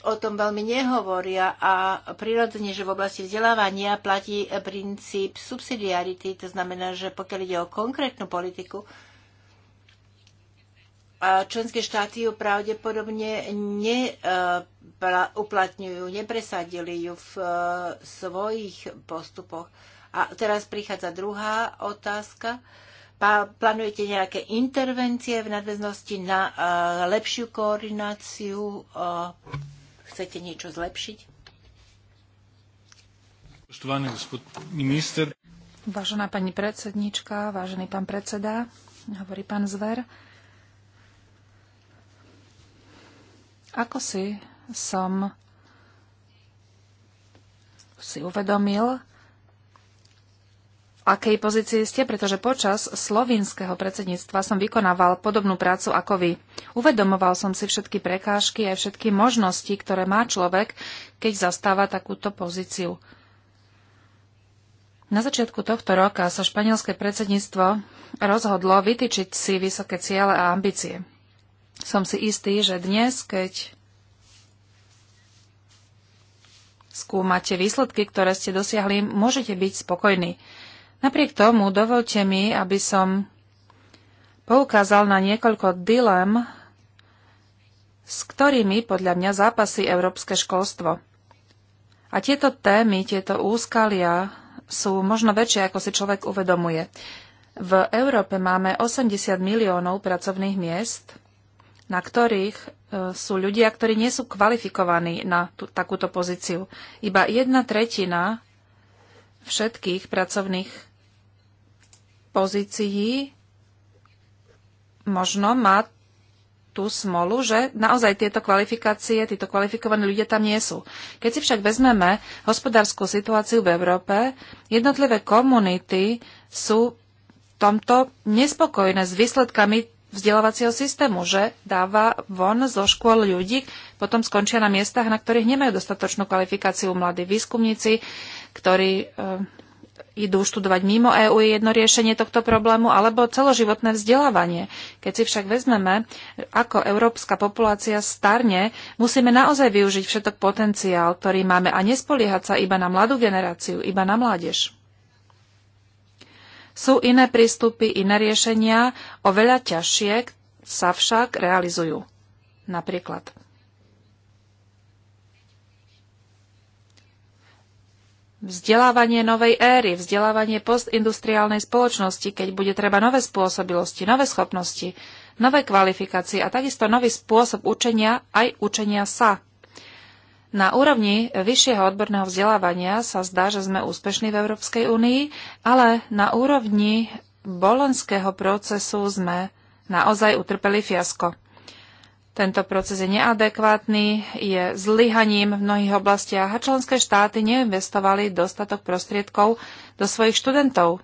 o tom veľmi nehovoria a prirodzene, že v oblasti vzdelávania platí princíp subsidiarity, to znamená, že pokiaľ ide o konkrétnu politiku, členské štáty ju pravdepodobne neuplatňujú, nepresadili ju v e, svojich postupoch. A teraz prichádza druhá otázka. Plánujete nejaké intervencie v nadväznosti na e, lepšiu koordináciu e, Chcete niečo zlepšiť? Vážená pani predsednička, vážený pán predseda, hovorí pán Zver. Ako si som si uvedomil, akej pozícii ste, pretože počas slovinského predsedníctva som vykonával podobnú prácu ako vy. Uvedomoval som si všetky prekážky a všetky možnosti, ktoré má človek, keď zastáva takúto pozíciu. Na začiatku tohto roka sa španielské predsedníctvo rozhodlo vytýčiť si vysoké ciele a ambície. Som si istý, že dnes, keď skúmate výsledky, ktoré ste dosiahli, môžete byť spokojní. Napriek tomu dovolte mi, aby som poukázal na niekoľko dilem, s ktorými podľa mňa zápasí európske školstvo. A tieto témy, tieto úskalia sú možno väčšie, ako si človek uvedomuje. V Európe máme 80 miliónov pracovných miest, na ktorých e, sú ľudia, ktorí nie sú kvalifikovaní na tú, takúto pozíciu. Iba jedna tretina všetkých pracovných pozícii možno má tú smolu, že naozaj tieto kvalifikácie, títo kvalifikovaní ľudia tam nie sú. Keď si však vezmeme hospodárskú situáciu v Európe, jednotlivé komunity sú v tomto nespokojné s výsledkami vzdelávacieho systému, že dáva von zo škôl ľudí, potom skončia na miestach, na ktorých nemajú dostatočnú kvalifikáciu mladí výskumníci, ktorí e, idú študovať mimo EÚ je jedno riešenie tohto problému, alebo celoživotné vzdelávanie. Keď si však vezmeme, ako európska populácia starne, musíme naozaj využiť všetok potenciál, ktorý máme a nespoliehať sa iba na mladú generáciu, iba na mládež. Sú iné prístupy, iné riešenia, oveľa ťažšie sa však realizujú. Napríklad Vzdelávanie novej éry, vzdelávanie postindustriálnej spoločnosti, keď bude treba nové spôsobilosti, nové schopnosti, nové kvalifikácie a takisto nový spôsob učenia aj učenia sa. Na úrovni vyššieho odborného vzdelávania sa zdá, že sme úspešní v Európskej únii, ale na úrovni bolonského procesu sme naozaj utrpeli fiasko. Tento proces je neadekvátny, je zlyhaním v mnohých oblastiach a členské štáty neinvestovali dostatok prostriedkov do svojich študentov.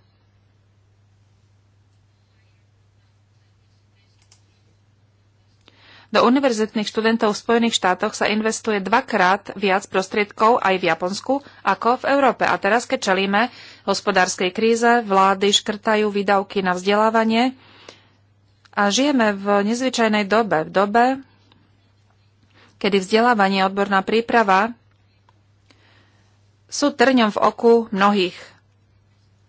Do univerzitných študentov v Spojených štátoch sa investuje dvakrát viac prostriedkov aj v Japonsku ako v Európe. A teraz, keď čelíme hospodárskej kríze, vlády škrtajú výdavky na vzdelávanie, a žijeme v nezvyčajnej dobe, v dobe, kedy vzdelávanie a odborná príprava sú trňom v oku mnohých.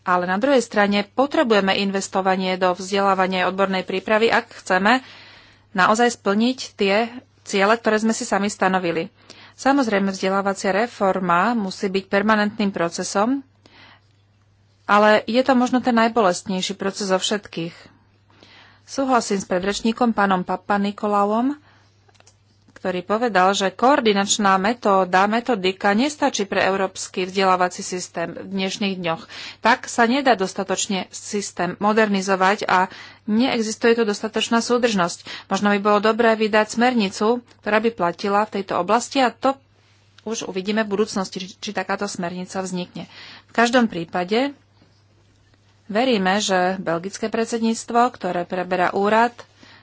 Ale na druhej strane potrebujeme investovanie do vzdelávania odbornej prípravy, ak chceme naozaj splniť tie ciele, ktoré sme si sami stanovili. Samozrejme, vzdelávacia reforma musí byť permanentným procesom, ale je to možno ten najbolestnejší proces zo všetkých. Súhlasím s predrečníkom pánom Papa Nikolaom, ktorý povedal, že koordinačná metóda, metodika nestačí pre európsky vzdelávací systém v dnešných dňoch. Tak sa nedá dostatočne systém modernizovať a neexistuje tu dostatočná súdržnosť. Možno by bolo dobré vydať smernicu, ktorá by platila v tejto oblasti a to už uvidíme v budúcnosti, či, či takáto smernica vznikne. V každom prípade Veríme, že belgické predsedníctvo, ktoré preberá úrad,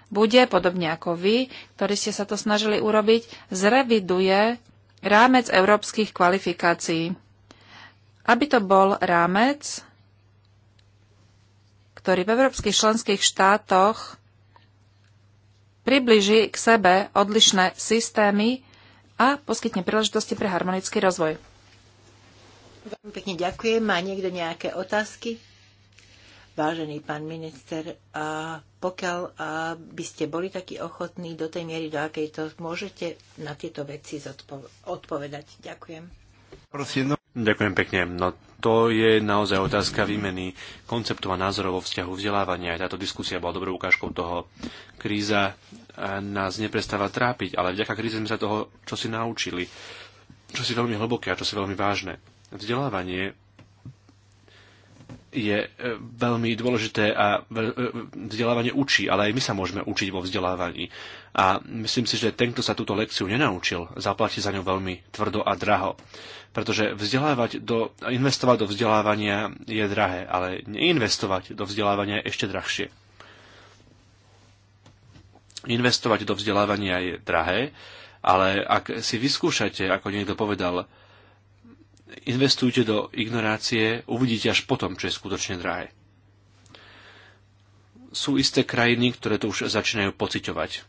bude, podobne ako vy, ktorí ste sa to snažili urobiť, zreviduje rámec európskych kvalifikácií. Aby to bol rámec, ktorý v európskych členských štátoch približí k sebe odlišné systémy a poskytne príležitosti pre harmonický rozvoj. Veľmi pekne ďakujem. Má niekto nejaké otázky? vážený pán minister, a pokiaľ a by ste boli takí ochotní do tej miery, do akej to môžete na tieto veci odpovedať. Ďakujem. Prosím, no. Ďakujem pekne. No to je naozaj otázka výmeny konceptu a názorov vo vzťahu vzdelávania. Táto diskusia bola dobrou ukážkou toho. Kríza nás neprestáva trápiť, ale vďaka kríze sme sa toho, čo si naučili, čo si veľmi hlboké a čo si veľmi vážne. Vzdelávanie je e, veľmi dôležité a e, vzdelávanie učí, ale aj my sa môžeme učiť vo vzdelávaní. A myslím si, že ten, kto sa túto lekciu nenaučil, zaplatí za ňu veľmi tvrdo a draho. Pretože vzdelávať do, investovať do vzdelávania je drahé, ale neinvestovať do vzdelávania je ešte drahšie. Investovať do vzdelávania je drahé, ale ak si vyskúšate, ako niekto povedal, investujte do ignorácie, uvidíte až potom, čo je skutočne drahé. Sú isté krajiny, ktoré to už začínajú pociťovať.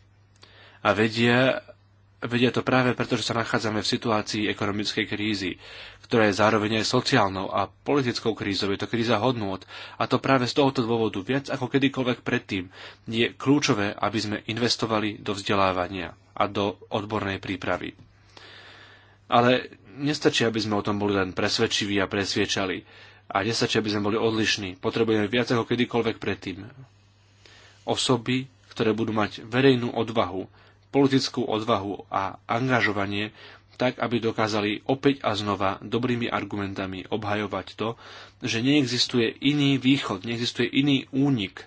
A vedia, vedia to práve preto, že sa nachádzame v situácii ekonomickej krízy, ktorá je zároveň aj sociálnou a politickou krízou. Je to kríza hodnôt. A to práve z tohoto dôvodu, viac ako kedykoľvek predtým, je kľúčové, aby sme investovali do vzdelávania a do odbornej prípravy. Ale nestačí, aby sme o tom boli len presvedčiví a presviečali. A nestačí, aby sme boli odlišní. Potrebujeme viac ako kedykoľvek predtým. Osoby, ktoré budú mať verejnú odvahu, politickú odvahu a angažovanie, tak aby dokázali opäť a znova dobrými argumentami obhajovať to, že neexistuje iný východ, neexistuje iný únik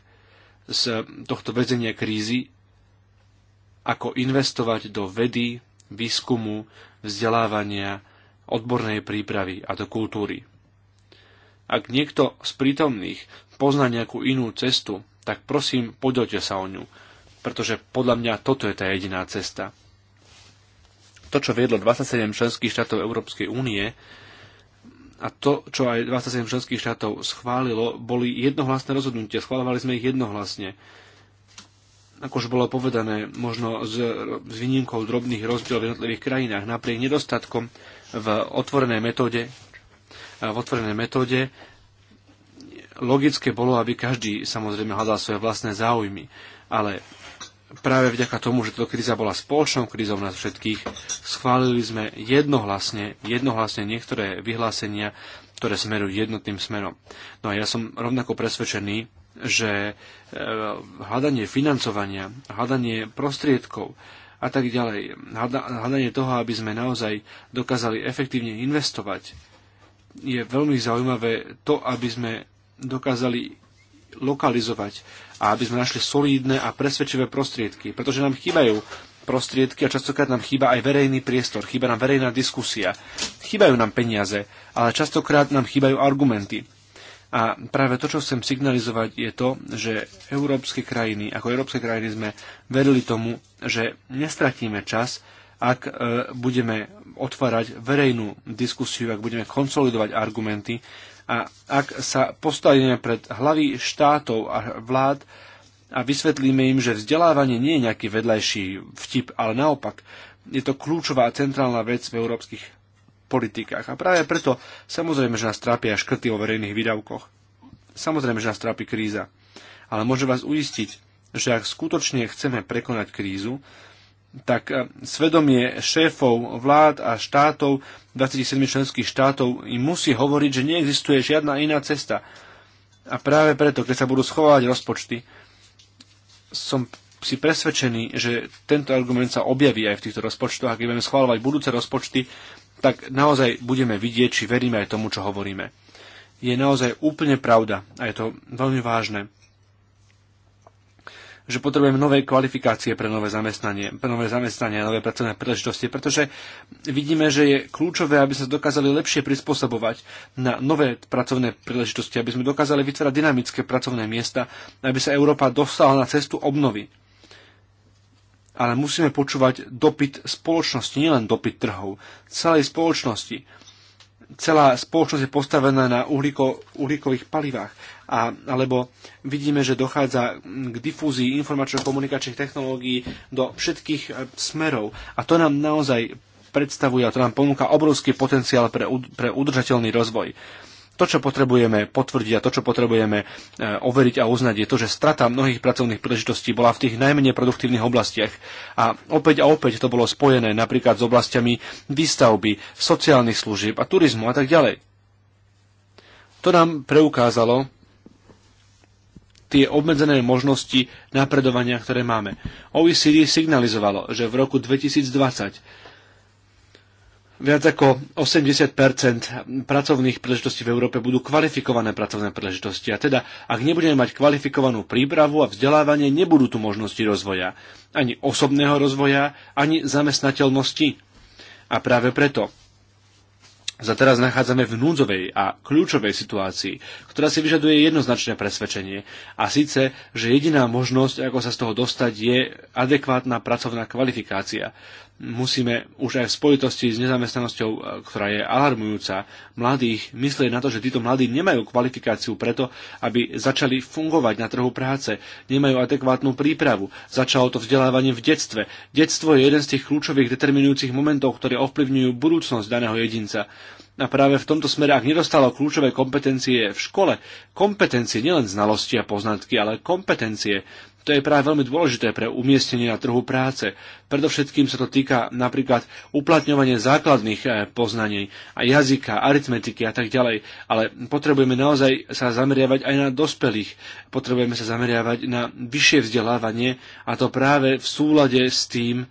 z tohto vedenia krízy, ako investovať do vedy, výskumu, vzdelávania, odbornej prípravy a do kultúry. Ak niekto z prítomných pozná nejakú inú cestu, tak prosím, podelte sa o ňu, pretože podľa mňa toto je tá jediná cesta. To, čo viedlo 27 členských štátov Európskej únie a to, čo aj 27 členských štátov schválilo, boli jednohlasné rozhodnutia. Schválovali sme ich jednohlasne ako už bolo povedané, možno s, s výnimkou drobných rozdielov v jednotlivých krajinách. Napriek nedostatkom v otvorenej metóde v otvorenej metóde logické bolo, aby každý samozrejme hľadal svoje vlastné záujmy. Ale práve vďaka tomu, že táto kríza bola spoločnou krízou nás všetkých, schválili sme jednohlasne, jednohlasne niektoré vyhlásenia, ktoré smerujú jednotným smerom. No a ja som rovnako presvedčený, že e, hľadanie financovania, hľadanie prostriedkov, a tak ďalej. Hľadanie toho, aby sme naozaj dokázali efektívne investovať, je veľmi zaujímavé to, aby sme dokázali lokalizovať a aby sme našli solídne a presvedčivé prostriedky, pretože nám chýbajú prostriedky a častokrát nám chýba aj verejný priestor, chýba nám verejná diskusia, chýbajú nám peniaze, ale častokrát nám chýbajú argumenty. A práve to, čo chcem signalizovať, je to, že európske krajiny, ako európske krajiny sme verili tomu, že nestratíme čas, ak e, budeme otvárať verejnú diskusiu, ak budeme konsolidovať argumenty a ak sa postavíme pred hlavy štátov a vlád a vysvetlíme im, že vzdelávanie nie je nejaký vedľajší vtip, ale naopak, je to kľúčová a centrálna vec v európskych politikách. A práve preto samozrejme, že nás trápia škrty o verejných výdavkoch. Samozrejme, že nás trápi kríza. Ale môžem vás uistiť, že ak skutočne chceme prekonať krízu, tak e, svedomie šéfov vlád a štátov 27 členských štátov im musí hovoriť, že neexistuje žiadna iná cesta. A práve preto, keď sa budú schovávať rozpočty, som si presvedčený, že tento argument sa objaví aj v týchto rozpočtoch. Ak budeme schváľovať budúce rozpočty, tak naozaj budeme vidieť, či veríme aj tomu, čo hovoríme. Je naozaj úplne pravda, a je to veľmi vážne, že potrebujeme nové kvalifikácie pre nové zamestnanie, pre nové zamestnanie a nové pracovné príležitosti, pretože vidíme, že je kľúčové, aby sme dokázali lepšie prispôsobovať na nové pracovné príležitosti, aby sme dokázali vytvárať dynamické pracovné miesta, aby sa Európa dostala na cestu obnovy ale musíme počúvať dopyt spoločnosti, nielen dopyt trhov, celej spoločnosti. Celá spoločnosť je postavená na uhlíko, uhlíkových palivách, a, alebo vidíme, že dochádza k difúzii informačno-komunikačných technológií do všetkých e, smerov. A to nám naozaj predstavuje a to nám ponúka obrovský potenciál pre, pre udržateľný rozvoj to, čo potrebujeme potvrdiť a to, čo potrebujeme eh, overiť a uznať, je to, že strata mnohých pracovných príležitostí bola v tých najmenej produktívnych oblastiach. A opäť a opäť to bolo spojené napríklad s oblastiami výstavby, sociálnych služieb a turizmu a tak ďalej. To nám preukázalo, tie obmedzené možnosti napredovania, ktoré máme. OECD signalizovalo, že v roku 2020 Viac ako 80 pracovných príležitostí v Európe budú kvalifikované pracovné príležitosti. A teda, ak nebudeme mať kvalifikovanú prípravu a vzdelávanie, nebudú tu možnosti rozvoja. Ani osobného rozvoja, ani zamestnateľnosti. A práve preto za teraz nachádzame v núdzovej a kľúčovej situácii, ktorá si vyžaduje jednoznačné presvedčenie. A síce, že jediná možnosť, ako sa z toho dostať, je adekvátna pracovná kvalifikácia musíme už aj v spojitosti s nezamestnanosťou, e, ktorá je alarmujúca, mladých myslieť na to, že títo mladí nemajú kvalifikáciu preto, aby začali fungovať na trhu práce, nemajú adekvátnu prípravu. Začalo to vzdelávanie v detstve. Detstvo je jeden z tých kľúčových determinujúcich momentov, ktoré ovplyvňujú budúcnosť daného jedinca. A práve v tomto smere, ak nedostalo kľúčové kompetencie v škole, kompetencie nielen znalosti a poznatky, ale kompetencie, to je práve veľmi dôležité pre umiestnenie na trhu práce. Predovšetkým sa to týka napríklad uplatňovania základných eh, poznaní a jazyka, aritmetiky a tak ďalej, ale potrebujeme naozaj sa zameriavať aj na dospelých. Potrebujeme sa zameriavať na vyššie vzdelávanie a to práve v súlade s tým,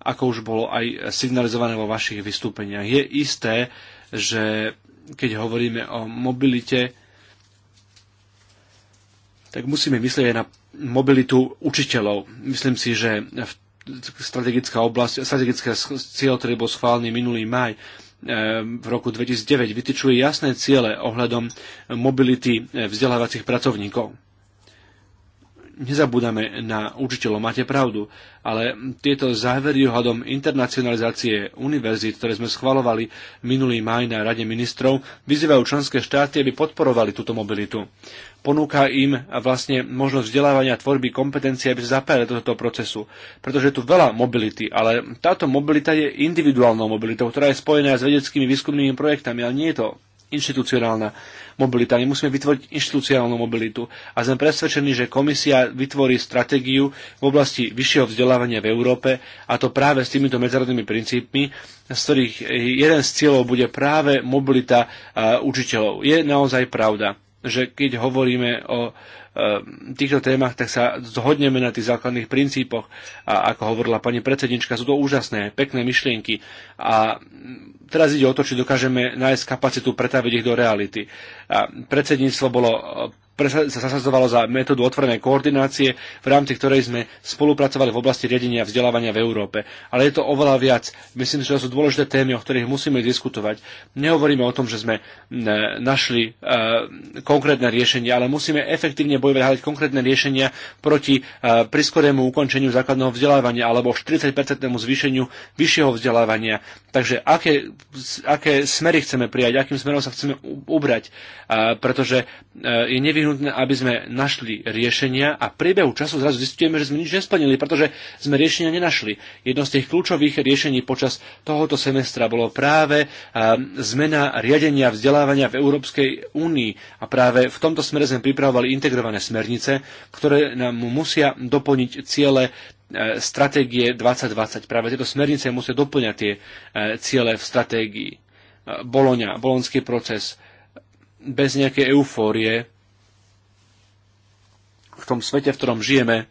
ako už bolo aj signalizované vo vašich vystúpeniach. Je isté, že keď hovoríme o mobilite, tak musíme myslieť aj na mobilitu učiteľov. Myslím si, že strategická oblasť, strategický cieľ, ktorý bol schválený minulý maj, e, v roku 2009 vytyčuje jasné ciele ohľadom mobility e, vzdelávacích pracovníkov. Nezabúdame na učiteľov, máte pravdu, ale tieto závery ohľadom internacionalizácie univerzít, ktoré sme schvalovali minulý maj na Rade ministrov, vyzývajú členské štáty, aby podporovali túto mobilitu ponúka im vlastne možnosť vzdelávania tvorby kompetencií aby sa zapájali do tohto procesu. Pretože je tu veľa mobility, ale táto mobilita je individuálnou mobilitou, ktorá je spojená s vedeckými výskumnými projektami, ale nie je to inštitucionálna mobilita. My musíme vytvoriť inštitucionálnu mobilitu a sme presvedčení, že komisia vytvorí stratégiu v oblasti vyššieho vzdelávania v Európe a to práve s týmito medzinárodnými princípmi, z ktorých jeden z cieľov bude práve mobilita učiteľov. Je naozaj pravda že keď hovoríme o e, týchto témach, tak sa zhodneme na tých základných princípoch. A ako hovorila pani predsednička, sú to úžasné, pekné myšlienky. A teraz ide o to, či dokážeme nájsť kapacitu pretaviť ich do reality. A predsedníctvo bolo sa zasadzovalo za metódu otvorenej koordinácie, v rámci ktorej sme spolupracovali v oblasti riadenia a vzdelávania v Európe. Ale je to oveľa viac. Myslím, že to sú dôležité témy, o ktorých musíme diskutovať. Nehovoríme o tom, že sme e, našli e, konkrétne riešenie, ale musíme efektívne bojovať hľadať konkrétne riešenia proti e, priskorému ukončeniu základného vzdelávania alebo 40-percentnému zvýšeniu vyššieho vzdelávania. Takže aké, aké smery chceme prijať, akým smerom sa chceme ubrať, pretože je nevyhnutné nevyhnutné, aby sme našli riešenia a v priebehu času zrazu zistujeme, že sme nič nesplnili, pretože sme riešenia nenašli. Jedno z tých kľúčových riešení počas tohoto semestra bolo práve um, zmena riadenia vzdelávania v Európskej únii a práve v tomto smere sme pripravovali integrované smernice, ktoré nám musia doplniť ciele uh, stratégie 2020. Práve tieto smernice musia doplňať tie uh, ciele v stratégii. Uh, Boloňa, bolonský proces, bez nejakej eufórie v tom svete, v ktorom žijeme,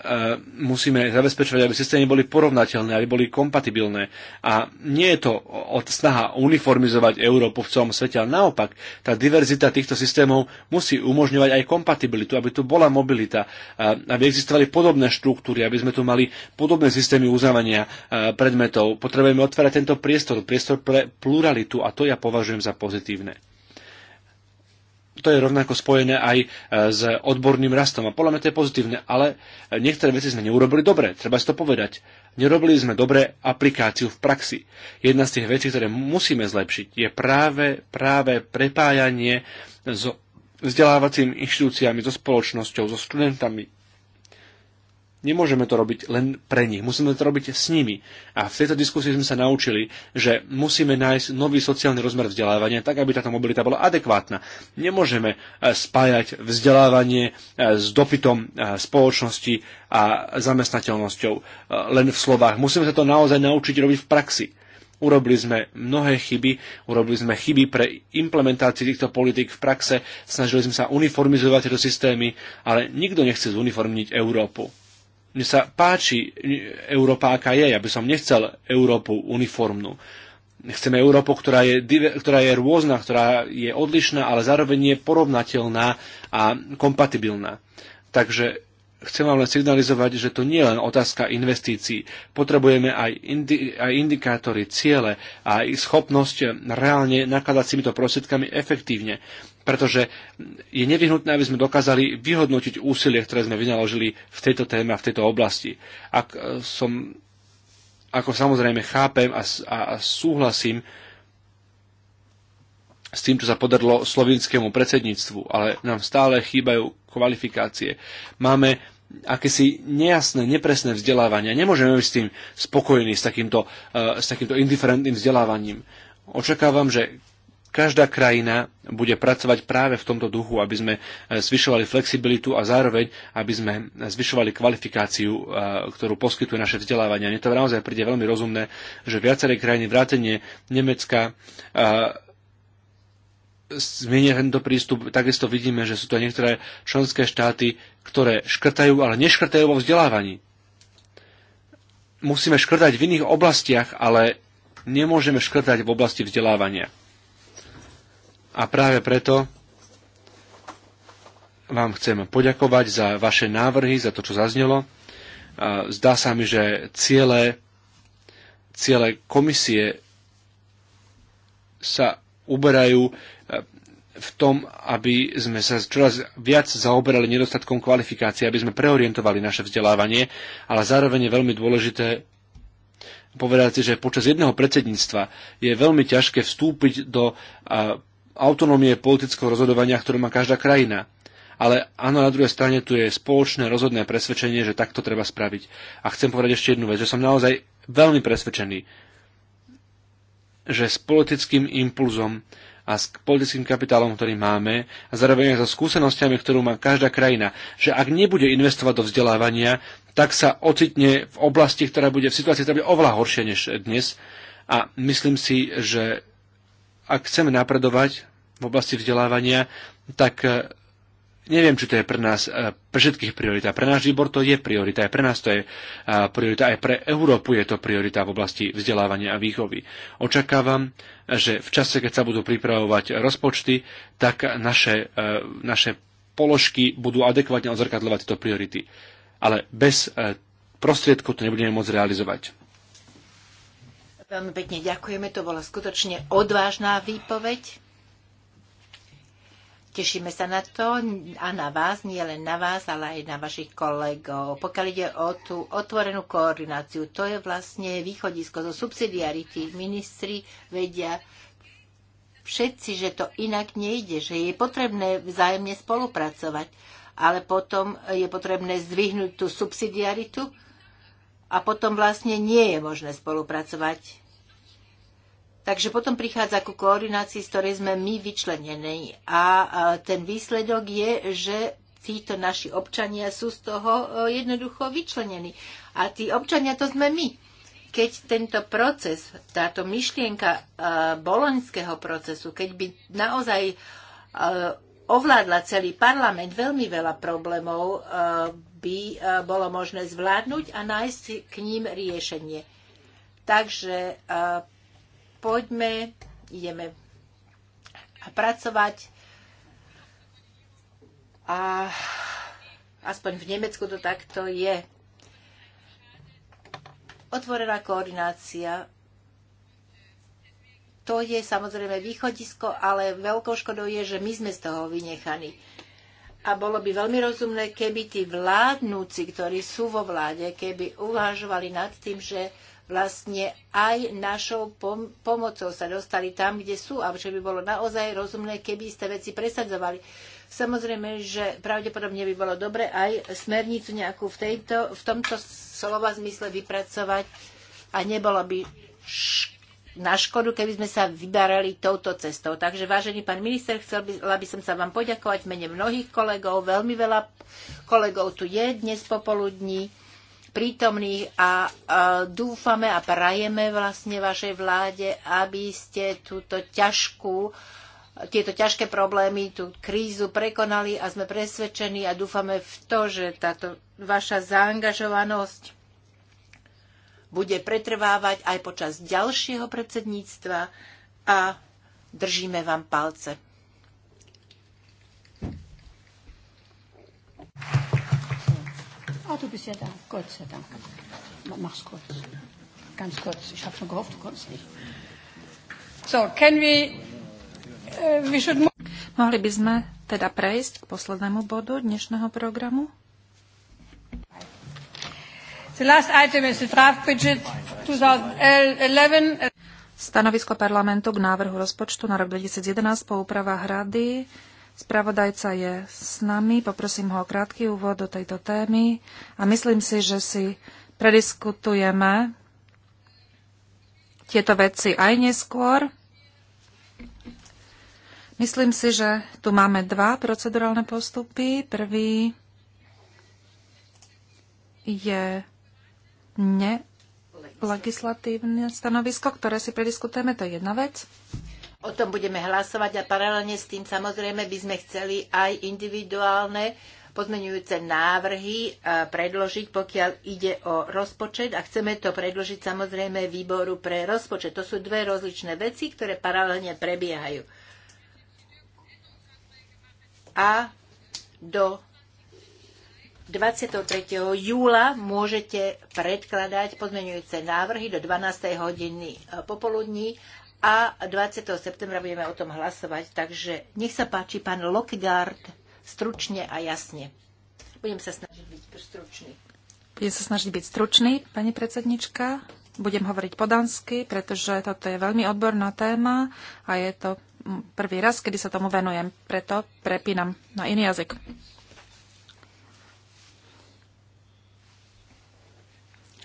e, musíme zabezpečovať, aby systémy boli porovnateľné, aby boli kompatibilné. A nie je to od snaha uniformizovať Európu v celom svete, ale naopak, tá diverzita týchto systémov musí umožňovať aj kompatibilitu, aby tu bola mobilita, aby existovali podobné štruktúry, aby sme tu mali podobné systémy uznávania e, predmetov. Potrebujeme otvárať tento priestor, priestor pre pluralitu a to ja považujem za pozitívne to je rovnako spojené aj e, s odborným rastom a podľa mňa to je pozitívne, ale e, niektoré veci sme neurobili dobre, treba si to povedať. Nerobili sme dobre aplikáciu v praxi. Jedna z tých vecí, ktoré musíme zlepšiť, je práve, práve prepájanie s vzdelávacími inštitúciami, so spoločnosťou, so študentami, Nemôžeme to robiť len pre nich, musíme to robiť s nimi. A v tejto diskusii sme sa naučili, že musíme nájsť nový sociálny rozmer vzdelávania, tak aby táto mobilita bola adekvátna. Nemôžeme e, spájať vzdelávanie e, s dopytom e, spoločnosti a zamestnateľnosťou len v slovách. Musíme sa to naozaj naučiť robiť v praxi. Urobili sme mnohé chyby, urobili sme chyby pre implementáciu týchto politík v praxe, snažili sme sa uniformizovať tieto systémy, ale nikto nechce zuniformniť Európu mne sa páči e, Európa, aká je. Ja by som nechcel Európu uniformnú. Chceme Európu, ktorá je, ktorá je rôzna, ktorá je odlišná, ale zároveň je porovnateľná a kompatibilná. Takže chcem vám len signalizovať, že to nie je len otázka investícií. Potrebujeme aj, indi- aj indikátory, ciele a ich schopnosť reálne nakladať s týmito prostriedkami efektívne pretože je nevyhnutné, aby sme dokázali vyhodnotiť úsilie, ktoré sme vynaložili v tejto téme a v tejto oblasti. Ak e, som, ako samozrejme chápem a, a, a súhlasím s tým, čo sa podarilo slovinskému predsedníctvu, ale nám stále chýbajú kvalifikácie. Máme akési nejasné, nepresné vzdelávania. Nemôžeme byť s tým spokojní, s takýmto, e, s takýmto indiferentným vzdelávaním. Očakávam, že Každá krajina bude pracovať práve v tomto duchu, aby sme e, zvyšovali flexibilitu a zároveň, aby sme zvyšovali kvalifikáciu, e, ktorú poskytuje naše vzdelávanie. Mne to naozaj príde veľmi rozumné, že viaceré krajiny vrátenie Nemecka e, zmenia tento prístup. Takisto vidíme, že sú to niektoré členské štáty, ktoré škrtajú, ale neškrtajú vo vzdelávaní. Musíme škrtať v iných oblastiach, ale nemôžeme škrtať v oblasti vzdelávania. A práve preto vám chcem poďakovať za vaše návrhy, za to, čo zaznelo. Zdá sa mi, že ciele, ciele komisie sa uberajú e, v tom, aby sme sa čoraz viac zaoberali nedostatkom kvalifikácie, aby sme preorientovali naše vzdelávanie, ale zároveň je veľmi dôležité povedať si, že počas jedného predsedníctva je veľmi ťažké vstúpiť do autonómie politického rozhodovania, ktoré má každá krajina. Ale áno, na druhej strane tu je spoločné rozhodné presvedčenie, že takto treba spraviť. A chcem povedať ešte jednu vec, že som naozaj veľmi presvedčený, že s politickým impulzom a s politickým kapitálom, ktorý máme, a zároveň aj so skúsenostiami, ktorú má každá krajina, že ak nebude investovať do vzdelávania, tak sa ocitne v oblasti, ktorá bude v situácii, ktorá bude oveľa horšia než dnes. A myslím si, že ak chceme napredovať v oblasti vzdelávania, tak e, neviem, či to je pre nás, e, pre všetkých priorita. Pre náš výbor to je priorita, aj pre nás to je priorita, aj pre Európu je to priorita v oblasti vzdelávania a výchovy. Očakávam, že v čase, keď sa budú pripravovať rozpočty, tak naše, e, naše položky budú adekvátne odzrkadľovať tieto priority. Ale bez prostriedkov to nebudeme môcť realizovať. Veľmi pekne ďakujeme, to bola skutočne odvážna výpoveď. Tešíme sa na to a na vás, nie len na vás, ale aj na vašich kolegov. Pokiaľ ide o tú otvorenú koordináciu, to je vlastne východisko zo subsidiarity. Ministri vedia všetci, že to inak nejde, že je potrebné vzájomne spolupracovať, ale potom je potrebné zdvihnúť tú subsidiaritu a potom vlastne nie je možné spolupracovať Takže potom prichádza ku koordinácii, z ktorej sme my vyčlenení. A ten výsledok je, že títo naši občania sú z toho e, jednoducho vyčlenení. A tí občania to sme my. Keď tento proces, táto myšlienka e, boloňského procesu, keď by naozaj e, ovládla celý parlament, veľmi veľa problémov by bolo možné zvládnuť a nájsť k ním riešenie. Takže poďme, ideme pracovať. A aspoň v Nemecku to takto je. Otvorená koordinácia. To je samozrejme východisko, ale veľkou škodou je, že my sme z toho vynechaní. A bolo by veľmi rozumné, keby tí vládnúci, ktorí sú vo vláde, keby uvažovali nad tým, že vlastne aj našou pom- pomocou sa dostali tam, kde sú a že by bolo naozaj rozumné, keby ste veci presadzovali. Samozrejme, že pravdepodobne by bolo dobre aj smernicu nejakú v, tejto, v tomto slova zmysle vypracovať a nebolo by na škodu, keby sme sa vyberali touto cestou. Takže, vážený pán minister, chcela by som sa vám poďakovať v mene mnohých kolegov. Veľmi veľa kolegov tu je dnes popoludní prítomných a dúfame a prajeme vlastne vašej vláde, aby ste túto ťažkú tieto ťažké problémy, tú krízu prekonali a sme presvedčení a dúfame v to, že táto vaša zaangažovanosť bude pretrvávať aj počas ďalšieho predsedníctva a držíme vám palce. Ah, du bist ja da. Gott sei Dank. Mach's kurz. Ganz kurz. Ich habe schon gehofft, du kommst nicht. So, can we, uh, we should Mohli by sme teda prejsť k poslednému bodu dnešného programu? The last item is the draft budget 2011. Stanovisko parlamentu k návrhu rozpočtu na rok 2011 po úpravách rady Spravodajca je s nami, poprosím ho o krátky úvod do tejto témy a myslím si, že si prediskutujeme tieto veci aj neskôr. Myslím si, že tu máme dva procedurálne postupy. Prvý je nelegislatívne stanovisko, ktoré si prediskutujeme, to je jedna vec. O tom budeme hlasovať a paralelne s tým samozrejme by sme chceli aj individuálne pozmenujúce návrhy e, predložiť, pokiaľ ide o rozpočet a chceme to predložiť samozrejme výboru pre rozpočet. To sú dve rozličné veci, ktoré paralelne prebiehajú. A do 23. júla môžete predkladať pozmenujúce návrhy do 12. hodiny e, popoludní a 20. septembra budeme o tom hlasovať. Takže nech sa páči, pán Lockgard, stručne a jasne. Budem sa snažiť byť stručný. Budem sa snažiť byť stručný, pani predsednička. Budem hovoriť po dansky, pretože toto je veľmi odborná téma a je to prvý raz, kedy sa tomu venujem. Preto prepínam na iný jazyk.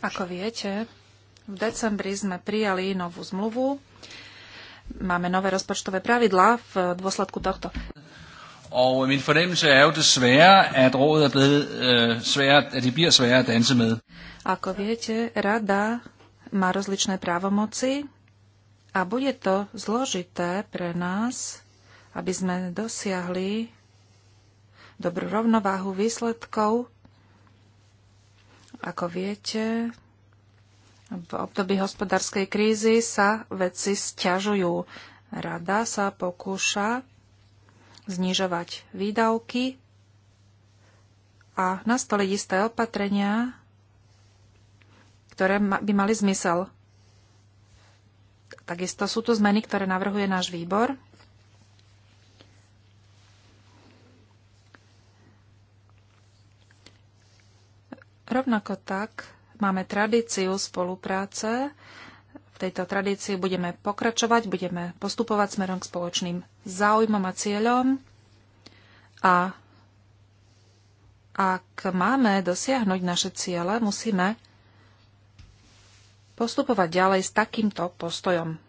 Ako viete, v decembri sme prijali novú zmluvu Máme nové rozpočtové pravidlá v dôsledku tohto. Og øh, min fornemmelse er jo desværre, at rådet er blevet øh, svære, at det bliver svære at danse med. Ako viete, rada má rozličné právomoci a bude to zložité pre nás, aby sme dosiahli dobrú rovnováhu výsledkov. Ako viete, v období hospodárskej krízy sa veci sťažujú. Rada sa pokúša znižovať výdavky a nastoliť isté opatrenia, ktoré by mali zmysel. Takisto sú tu zmeny, ktoré navrhuje náš výbor. Rovnako tak Máme tradíciu spolupráce. V tejto tradícii budeme pokračovať, budeme postupovať smerom k spoločným záujmom a cieľom. A ak máme dosiahnuť naše ciele, musíme postupovať ďalej s takýmto postojom.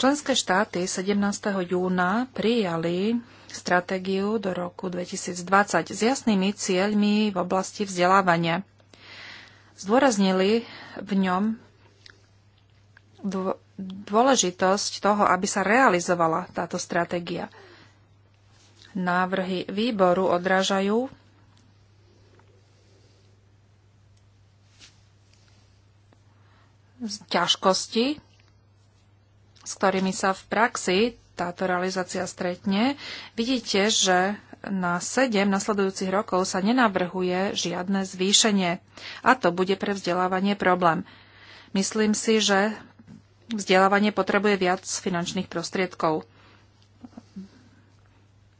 Členské štáty 17. júna prijali stratégiu do roku 2020 s jasnými cieľmi v oblasti vzdelávania. Zdôraznili v ňom dôležitosť toho, aby sa realizovala táto stratégia. Návrhy výboru odrážajú ťažkosti, s ktorými sa v praxi táto realizácia stretne, vidíte, že na 7 nasledujúcich rokov sa nenavrhuje žiadne zvýšenie. A to bude pre vzdelávanie problém. Myslím si, že vzdelávanie potrebuje viac finančných prostriedkov.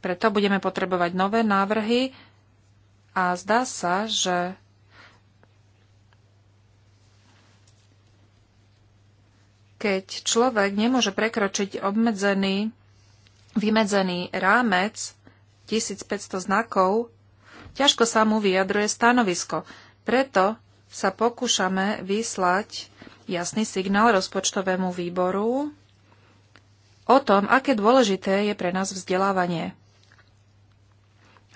Preto budeme potrebovať nové návrhy a zdá sa, že Keď človek nemôže prekročiť obmedzený, vymedzený rámec 1500 znakov, ťažko sa mu vyjadruje stanovisko. Preto sa pokúšame vyslať jasný signál rozpočtovému výboru o tom, aké dôležité je pre nás vzdelávanie.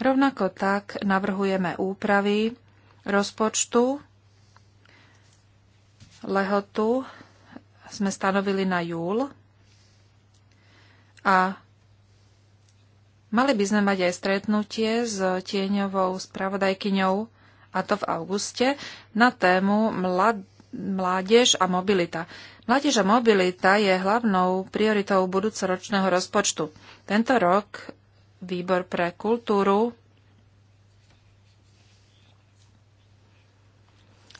Rovnako tak navrhujeme úpravy rozpočtu, lehotu sme stanovili na júl a mali by sme mať aj stretnutie s tieňovou spravodajkyňou a to v auguste na tému mlad, mládež a mobilita. Mládež a mobilita je hlavnou prioritou budúcoročného rozpočtu. Tento rok výbor pre kultúru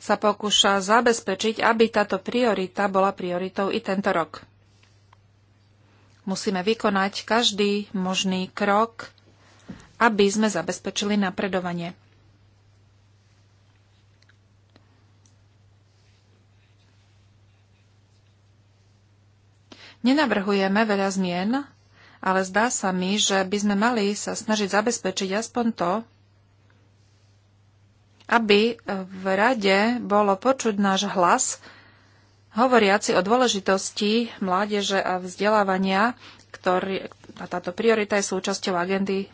sa pokúša zabezpečiť, aby táto priorita bola prioritou i tento rok. Musíme vykonať každý možný krok, aby sme zabezpečili napredovanie. Nenavrhujeme veľa zmien, ale zdá sa mi, že by sme mali sa snažiť zabezpečiť aspoň to, aby v rade bolo počuť náš hlas, hovoriaci o dôležitosti mládeže a vzdelávania, ktorý, a táto priorita je súčasťou agendy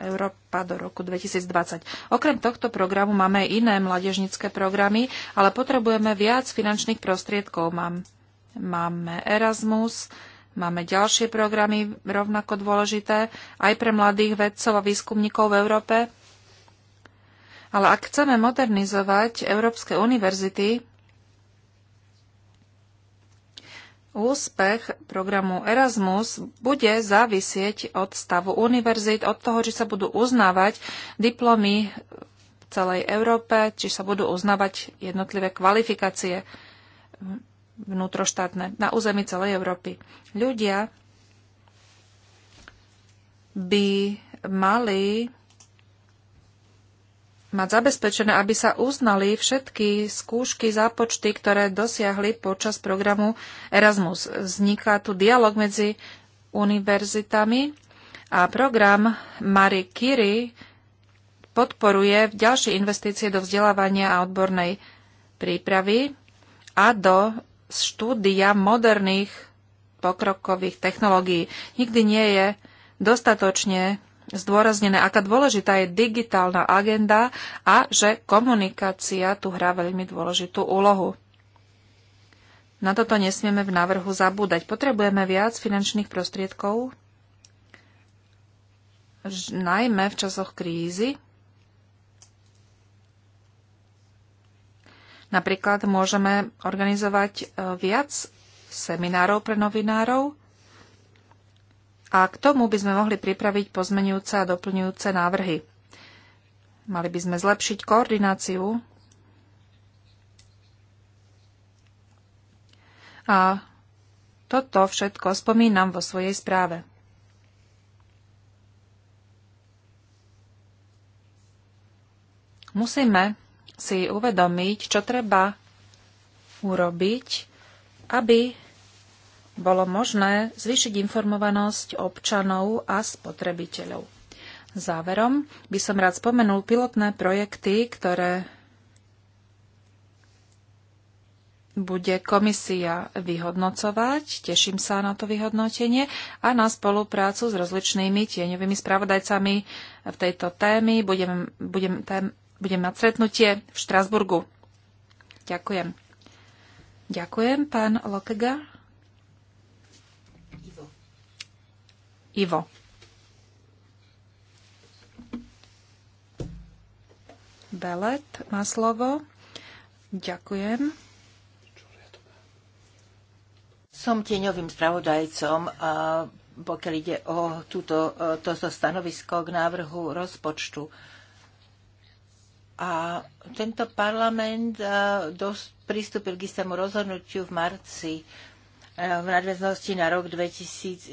Európa do roku 2020. Okrem tohto programu máme aj iné mládežnické programy, ale potrebujeme viac finančných prostriedkov. Mám, máme Erasmus, Máme ďalšie programy rovnako dôležité aj pre mladých vedcov a výskumníkov v Európe. Ale ak chceme modernizovať európske univerzity, Úspech programu Erasmus bude závisieť od stavu univerzít, od toho, či sa budú uznávať diplomy v celej Európe, či sa budú uznávať jednotlivé kvalifikácie vnútroštátne na území celej Európy. Ľudia by mali mať zabezpečené, aby sa uznali všetky skúšky, zápočty, ktoré dosiahli počas programu Erasmus. Vzniká tu dialog medzi univerzitami a program Marie Curie podporuje ďalšie investície do vzdelávania a odbornej prípravy a do štúdia moderných pokrokových technológií. Nikdy nie je dostatočne zdôraznené, aká dôležitá je digitálna agenda a že komunikácia tu hrá veľmi dôležitú úlohu. Na toto nesmieme v návrhu zabúdať. Potrebujeme viac finančných prostriedkov, najmä v časoch krízy. Napríklad môžeme organizovať e, viac seminárov pre novinárov, a k tomu by sme mohli pripraviť pozmenujúce a doplňujúce návrhy. Mali by sme zlepšiť koordináciu a toto všetko spomínam vo svojej správe. Musíme si uvedomiť, čo treba urobiť, aby bolo možné zvýšiť informovanosť občanov a spotrebiteľov. Záverom by som rád spomenul pilotné projekty, ktoré bude komisia vyhodnocovať. Teším sa na to vyhodnotenie a na spoluprácu s rozličnými tieňovými spravodajcami v tejto témy. Budem, budem, tém, budem mať stretnutie v Štrasburgu. Ďakujem. Ďakujem, pán Lokega. Ivo. Belet má slovo. Ďakujem. Som tieňovým spravodajcom a pokiaľ ide o túto, e, toto stanovisko k návrhu rozpočtu. A tento parlament e, dos, pristúpil k istému rozhodnutiu v marci v nadväznosti na rok 2011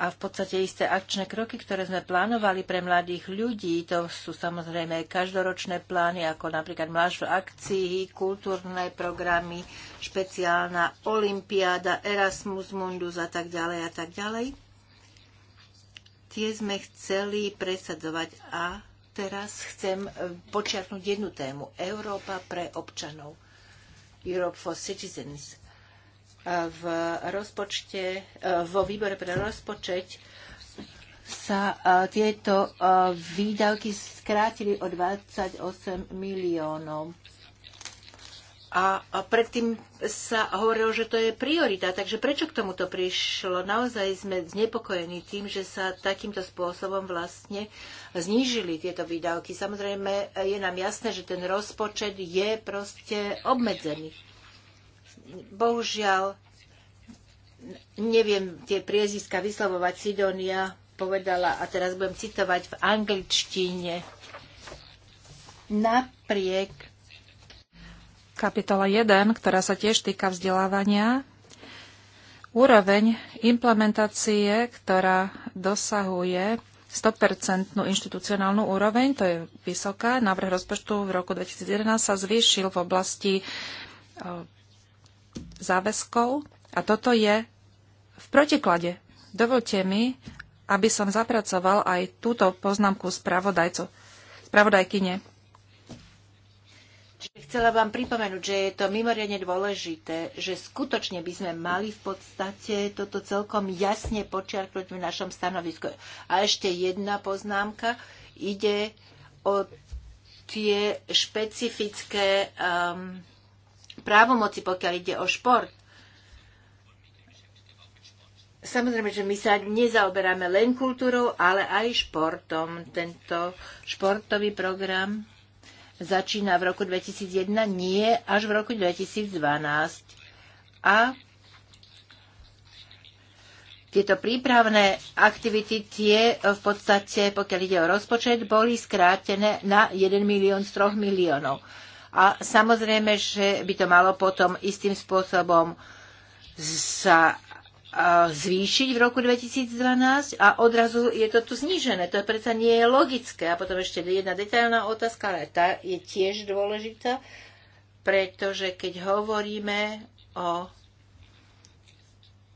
a v podstate isté akčné kroky, ktoré sme plánovali pre mladých ľudí, to sú samozrejme každoročné plány, ako napríklad mláž akcií, akcii, kultúrne programy, špeciálna olimpiáda, Erasmus Mundus a tak ďalej a tak ďalej. Tie sme chceli presadzovať a teraz chcem počiarknúť jednu tému. Európa pre občanov. Europe for Citizens. V rozpočte, vo výbore pre rozpočet sa tieto výdavky skrátili o 28 miliónov. A, a predtým sa hovorilo, že to je priorita. Takže prečo k tomuto prišlo? Naozaj sme znepokojení tým, že sa takýmto spôsobom vlastne znížili tieto výdavky. Samozrejme, je nám jasné, že ten rozpočet je proste obmedzený. Bohužiaľ, neviem tie prieziska vyslovovať. Sidonia povedala, a teraz budem citovať v angličtine, napriek kapitola 1, ktorá sa tiež týka vzdelávania, úroveň implementácie, ktorá dosahuje 100% inštitucionálnu úroveň, to je vysoká. Návrh rozpočtu v roku 2011 sa zvýšil v oblasti e, záväzkov a toto je v protiklade. Dovolte mi, aby som zapracoval aj túto poznámku spravodajcu, spravodajkyne. Chcela vám pripomenúť, že je to mimoriadne dôležité, že skutočne by sme mali v podstate toto celkom jasne počiarknúť v našom stanovisku. A ešte jedna poznámka. Ide o tie špecifické um, právomoci, pokiaľ ide o šport. Samozrejme, že my sa nezaoberáme len kultúrou, ale aj športom. Tento športový program začína v roku 2001, nie až v roku 2012. A tieto prípravné aktivity, tie v podstate, pokiaľ ide o rozpočet, boli skrátené na 1 milión z 3 miliónov. A samozrejme, že by to malo potom istým spôsobom sa zvýšiť v roku 2012 a odrazu je to tu znížené. To predsa nie je logické. A potom ešte jedna detailná otázka, ale tá je tiež dôležitá, pretože keď hovoríme o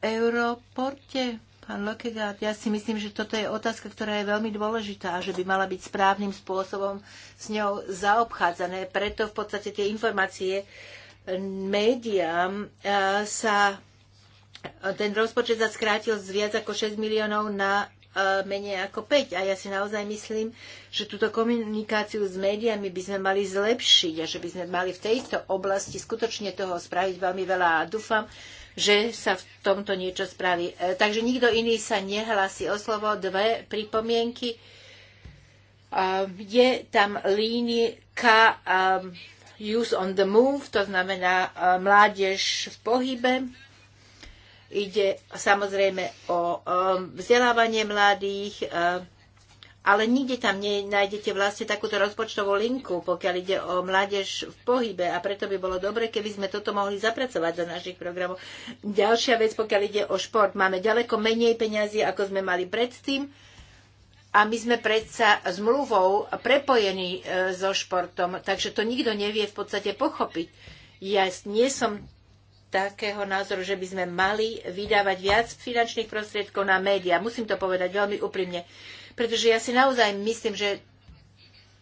Europorte, pán Lokegaard, ja si myslím, že toto je otázka, ktorá je veľmi dôležitá a že by mala byť správnym spôsobom s ňou zaobchádzané. Preto v podstate tie informácie médiám e, sa ten rozpočet sa skrátil z viac ako 6 miliónov na e, menej ako 5. A ja si naozaj myslím, že túto komunikáciu s médiami by sme mali zlepšiť a že by sme mali v tejto oblasti skutočne toho spraviť veľmi veľa a dúfam, že sa v tomto niečo spraví. E, takže nikto iný sa nehlasí o slovo. Dve pripomienky. E, je tam línika Use on the Move, to znamená mládež v pohybe Ide samozrejme o um, vzdelávanie mladých, um, ale nikde tam nenájdete vlastne takúto rozpočtovú linku, pokiaľ ide o mládež v pohybe a preto by bolo dobre, keby sme toto mohli zapracovať do našich programov. Ďalšia vec, pokiaľ ide o šport, máme ďaleko menej peňazí, ako sme mali predtým a my sme predsa s mluvou prepojení e, so športom, takže to nikto nevie v podstate pochopiť. Ja nie som takého názoru, že by sme mali vydávať viac finančných prostriedkov na médiá. Musím to povedať veľmi úprimne, pretože ja si naozaj myslím, že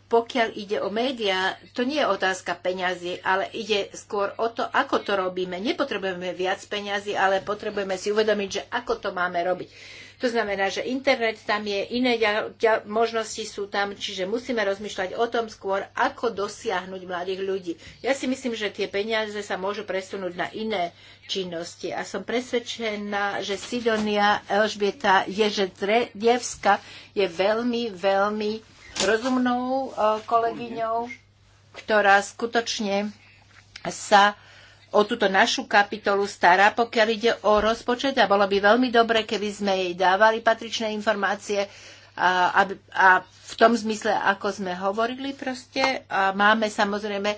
pokiaľ ide o médiá, to nie je otázka peňazí, ale ide skôr o to, ako to robíme. Nepotrebujeme viac peňazí, ale potrebujeme si uvedomiť, že ako to máme robiť. To znamená, že internet tam je, iné možnosti sú tam, čiže musíme rozmýšľať o tom skôr, ako dosiahnuť mladých ľudí. Ja si myslím, že tie peniaze sa môžu presunúť na iné činnosti. A som presvedčená, že Sidonia Elžbieta Ježedrevska je veľmi, veľmi rozumnou e, kolegyňou, ktorá skutočne sa o túto našu kapitolu stará, pokiaľ ide o rozpočet a bolo by veľmi dobre, keby sme jej dávali patričné informácie a, a, a v tom zmysle, ako sme hovorili proste. A máme samozrejme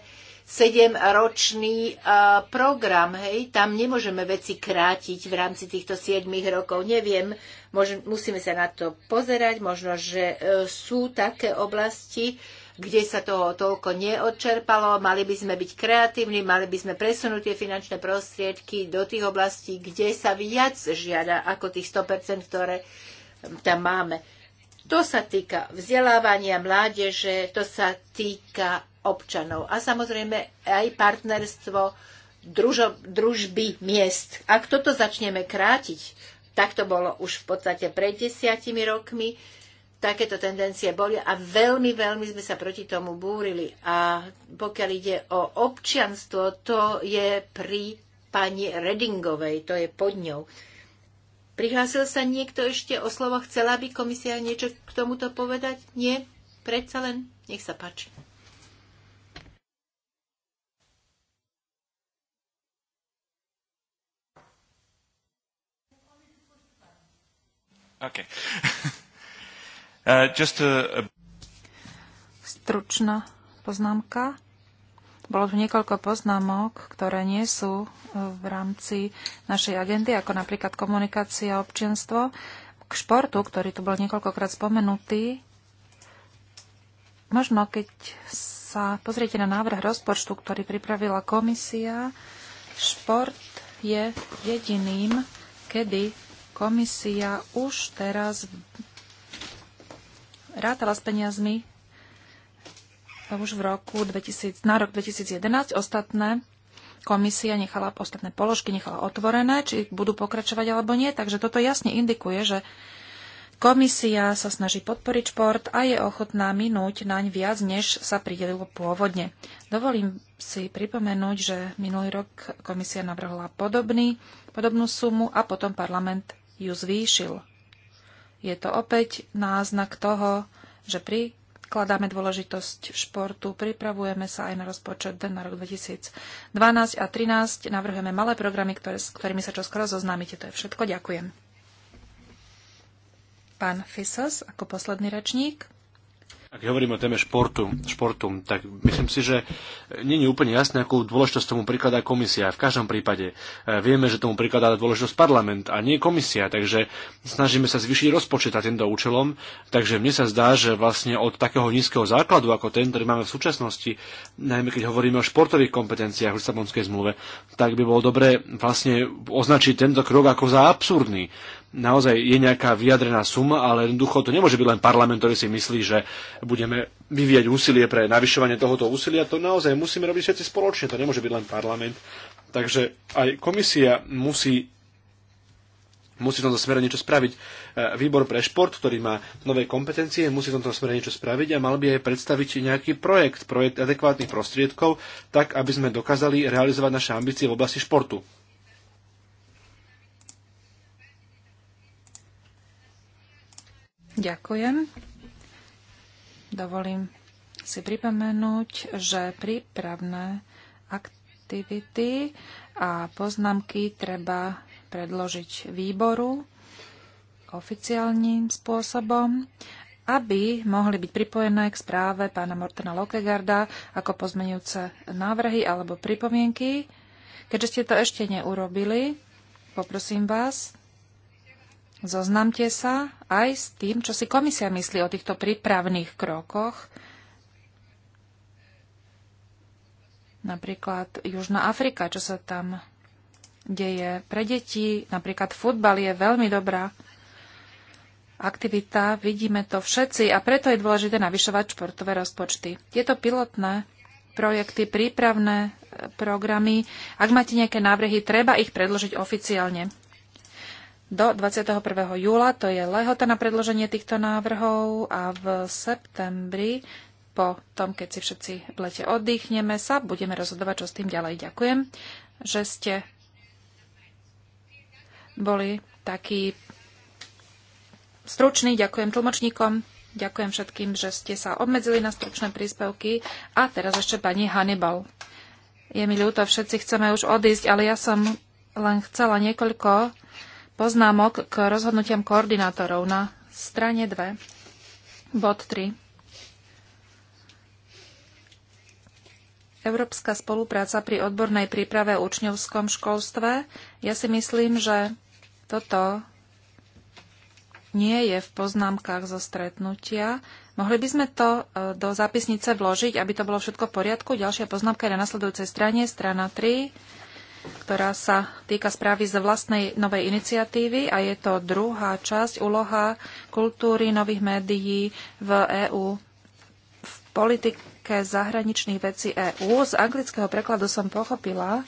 sedemročný program, hej, tam nemôžeme veci krátiť v rámci týchto 7 rokov, neviem, môžem, musíme sa na to pozerať, možno, že e, sú také oblasti, kde sa toho toľko neodčerpalo. Mali by sme byť kreatívni, mali by sme presunúť tie finančné prostriedky do tých oblastí, kde sa viac žiada ako tých 100%, ktoré tam máme. To sa týka vzdelávania mládeže, to sa týka občanov a samozrejme aj partnerstvo družo, družby miest. Ak toto začneme krátiť, tak to bolo už v podstate pred desiatimi rokmi, takéto tendencie boli a veľmi, veľmi sme sa proti tomu búrili. A pokiaľ ide o občianstvo, to je pri pani Redingovej, to je pod ňou. Prihlásil sa niekto ešte o slovo? Chcela by komisia niečo k tomuto povedať? Nie? Predsa len? Nech sa páči. Okay. [laughs] Uh, Stručná poznámka. Bolo tu niekoľko poznámok, ktoré nie sú uh, v rámci našej agendy, ako napríklad komunikácia a občianstvo. K športu, ktorý tu bol niekoľkokrát spomenutý, možno keď sa pozriete na návrh rozpočtu, ktorý pripravila komisia, šport je jediným, kedy komisia už teraz rátala s peniazmi už v roku 2000, na rok 2011. Ostatné komisia nechala, ostatné položky nechala otvorené, či budú pokračovať alebo nie. Takže toto jasne indikuje, že komisia sa snaží podporiť šport a je ochotná minúť naň viac, než sa pridelilo pôvodne. Dovolím si pripomenúť, že minulý rok komisia navrhla podobný, podobnú sumu a potom parlament ju zvýšil. Je to opäť náznak toho, že prikladáme dôležitosť športu, pripravujeme sa aj na rozpočet na rok 2012 a 2013, navrhujeme malé programy, ktoré, s ktorými sa čoskoro zoznámite. To je všetko. Ďakujem. Pán Fisos ako posledný rečník ak hovoríme o téme športu, športu, tak myslím si, že nie je úplne jasné, akú dôležitosť tomu prikladá komisia. V každom prípade e, vieme, že tomu prikladá dôležitosť parlament a nie komisia, takže snažíme sa zvyšiť rozpočet a týmto účelom. Takže mne sa zdá, že vlastne od takého nízkeho základu, ako ten, ktorý máme v súčasnosti, najmä keď hovoríme o športových kompetenciách v Lisabonskej zmluve, tak by bolo dobre vlastne označiť tento krok ako za absurdný naozaj je nejaká vyjadrená suma, ale jednoducho to nemôže byť len parlament, ktorý si myslí, že budeme vyvíjať úsilie pre navyšovanie tohoto úsilia. To naozaj musíme robiť všetci spoločne, to nemôže byť len parlament. Takže aj komisia musí musí v tomto smere niečo spraviť. E, Výbor pre šport, ktorý má nové kompetencie, musí v tomto smere niečo spraviť a mal by aj predstaviť nejaký projekt, projekt adekvátnych prostriedkov, tak aby sme dokázali realizovať naše ambície v oblasti športu. Ďakujem. Dovolím si pripomenúť, že prípravné aktivity a poznámky treba predložiť výboru oficiálnym spôsobom, aby mohli byť pripojené k správe pána Mortena Lokegarda ako pozmenujúce návrhy alebo pripomienky. Keďže ste to ešte neurobili, poprosím vás, Zoznamte sa aj s tým, čo si komisia myslí o týchto prípravných krokoch. Napríklad Južná Afrika, čo sa tam deje pre deti. Napríklad futbal je veľmi dobrá aktivita, vidíme to všetci a preto je dôležité navyšovať športové rozpočty. Tieto pilotné projekty, prípravné eh, programy, ak máte nejaké návrhy, treba ich predložiť oficiálne do 21. júla, to je lehota na predloženie týchto návrhov a v septembri, po tom, keď si všetci v lete oddychneme, sa budeme rozhodovať, čo s tým ďalej. Ďakujem, že ste boli takí struční. ďakujem tlmočníkom, ďakujem všetkým, že ste sa obmedzili na stručné príspevky. A teraz ešte pani Hannibal. Je mi ľúto, všetci chceme už odísť, ale ja som len chcela niekoľko poznámok k rozhodnutiam koordinátorov na strane 2, bod 3. Európska spolupráca pri odbornej príprave v učňovskom školstve. Ja si myslím, že toto nie je v poznámkach zo stretnutia. Mohli by sme to e, do zápisnice vložiť, aby to bolo všetko v poriadku. Ďalšia poznámka je na nasledujúcej strane, strana 3 ktorá sa týka správy z vlastnej novej iniciatívy a je to druhá časť úloha kultúry nových médií v EÚ v politike zahraničných vecí EÚ. Z anglického prekladu som pochopila,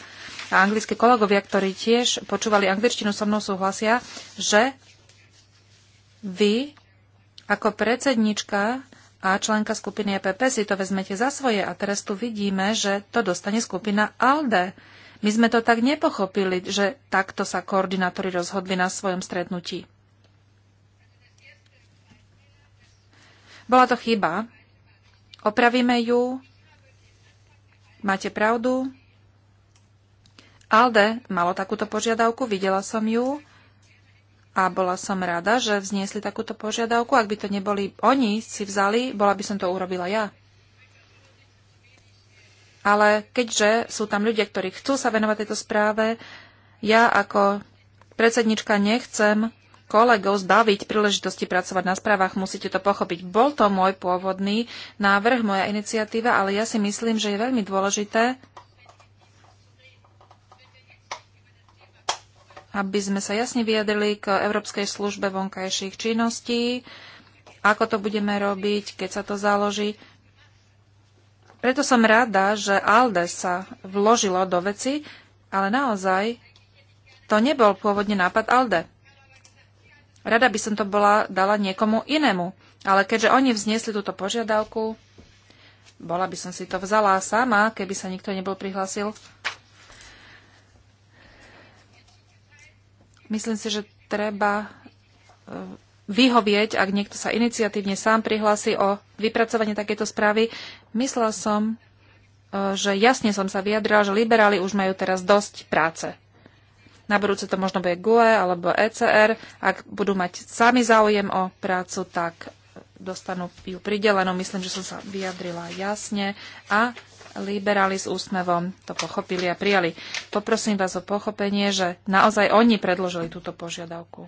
a anglickí kolegovia, ktorí tiež počúvali angličtinu, so mnou súhlasia, že vy ako predsednička a členka skupiny EPP si to vezmete za svoje a teraz tu vidíme, že to dostane skupina ALDE my sme to tak nepochopili, že takto sa koordinátori rozhodli na svojom stretnutí. Bola to chyba. Opravíme ju. Máte pravdu. Alde malo takúto požiadavku, videla som ju a bola som rada, že vzniesli takúto požiadavku. Ak by to neboli oni si vzali, bola by som to urobila ja ale keďže sú tam ľudia, ktorí chcú sa venovať tejto správe, ja ako predsednička nechcem kolegov zbaviť príležitosti pracovať na správach. Musíte to pochopiť. Bol to môj pôvodný návrh, moja iniciatíva, ale ja si myslím, že je veľmi dôležité, aby sme sa jasne vyjadrili k Európskej službe vonkajších činností, ako to budeme robiť, keď sa to založí. Preto som rada, že ALDE sa vložilo do veci, ale naozaj to nebol pôvodne nápad ALDE. Rada by som to bola dala niekomu inému, ale keďže oni vzniesli túto požiadavku, bola by som si to vzala sama, keby sa nikto nebol prihlásil. Myslím si, že treba e, vyhovieť, ak niekto sa iniciatívne sám prihlási o vypracovanie takéto správy. Myslel som, e, že jasne som sa vyjadrila, že liberáli už majú teraz dosť práce. Na budúce to možno bude GUE alebo ECR. Ak budú mať sami záujem o prácu, tak dostanú ju pridelenú. Myslím, že som sa vyjadrila jasne a liberáli s úsmevom to pochopili a prijali. Poprosím vás o pochopenie, že naozaj oni predložili túto požiadavku.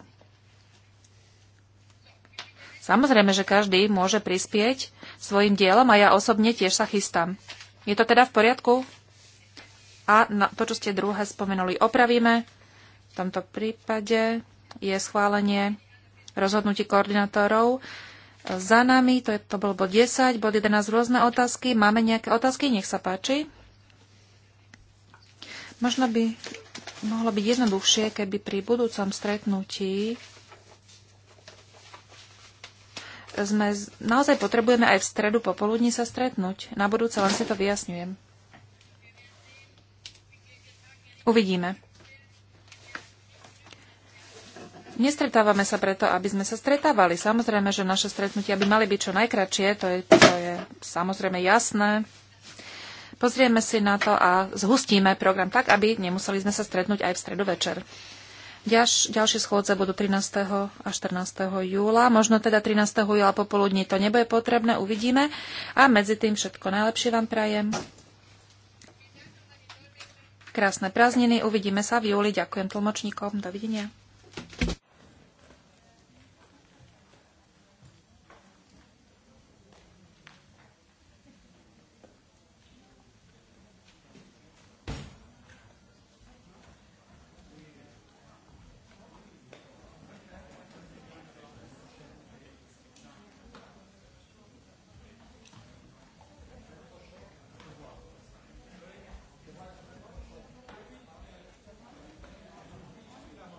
Samozrejme, že každý môže prispieť svojim dielom a ja osobne tiež sa chystám. Je to teda v poriadku? A na to, čo ste druhé spomenuli, opravíme. V tomto prípade je schválenie rozhodnutí koordinátorov. Za nami, to, je, to bol bod 10, bod 11, rôzne otázky. Máme nejaké otázky? Nech sa páči. Možno by mohlo byť jednoduchšie, keby pri budúcom stretnutí sme, naozaj potrebujeme aj v stredu popoludní sa stretnúť. Na budúce len si to vyjasňujem. Uvidíme. Nestretávame sa preto, aby sme sa stretávali. Samozrejme, že naše stretnutia by mali byť čo najkračšie, to je, to je samozrejme jasné. Pozrieme si na to a zhustíme program tak, aby nemuseli sme sa stretnúť aj v stredu večer. Ďalš, ďalšie schôdze budú 13. a 14. júla. Možno teda 13. júla popoludní to nebude potrebné, uvidíme. A medzi tým všetko najlepšie vám prajem. Krásne prázdniny, uvidíme sa v júli. Ďakujem tlmočníkom, dovidenia.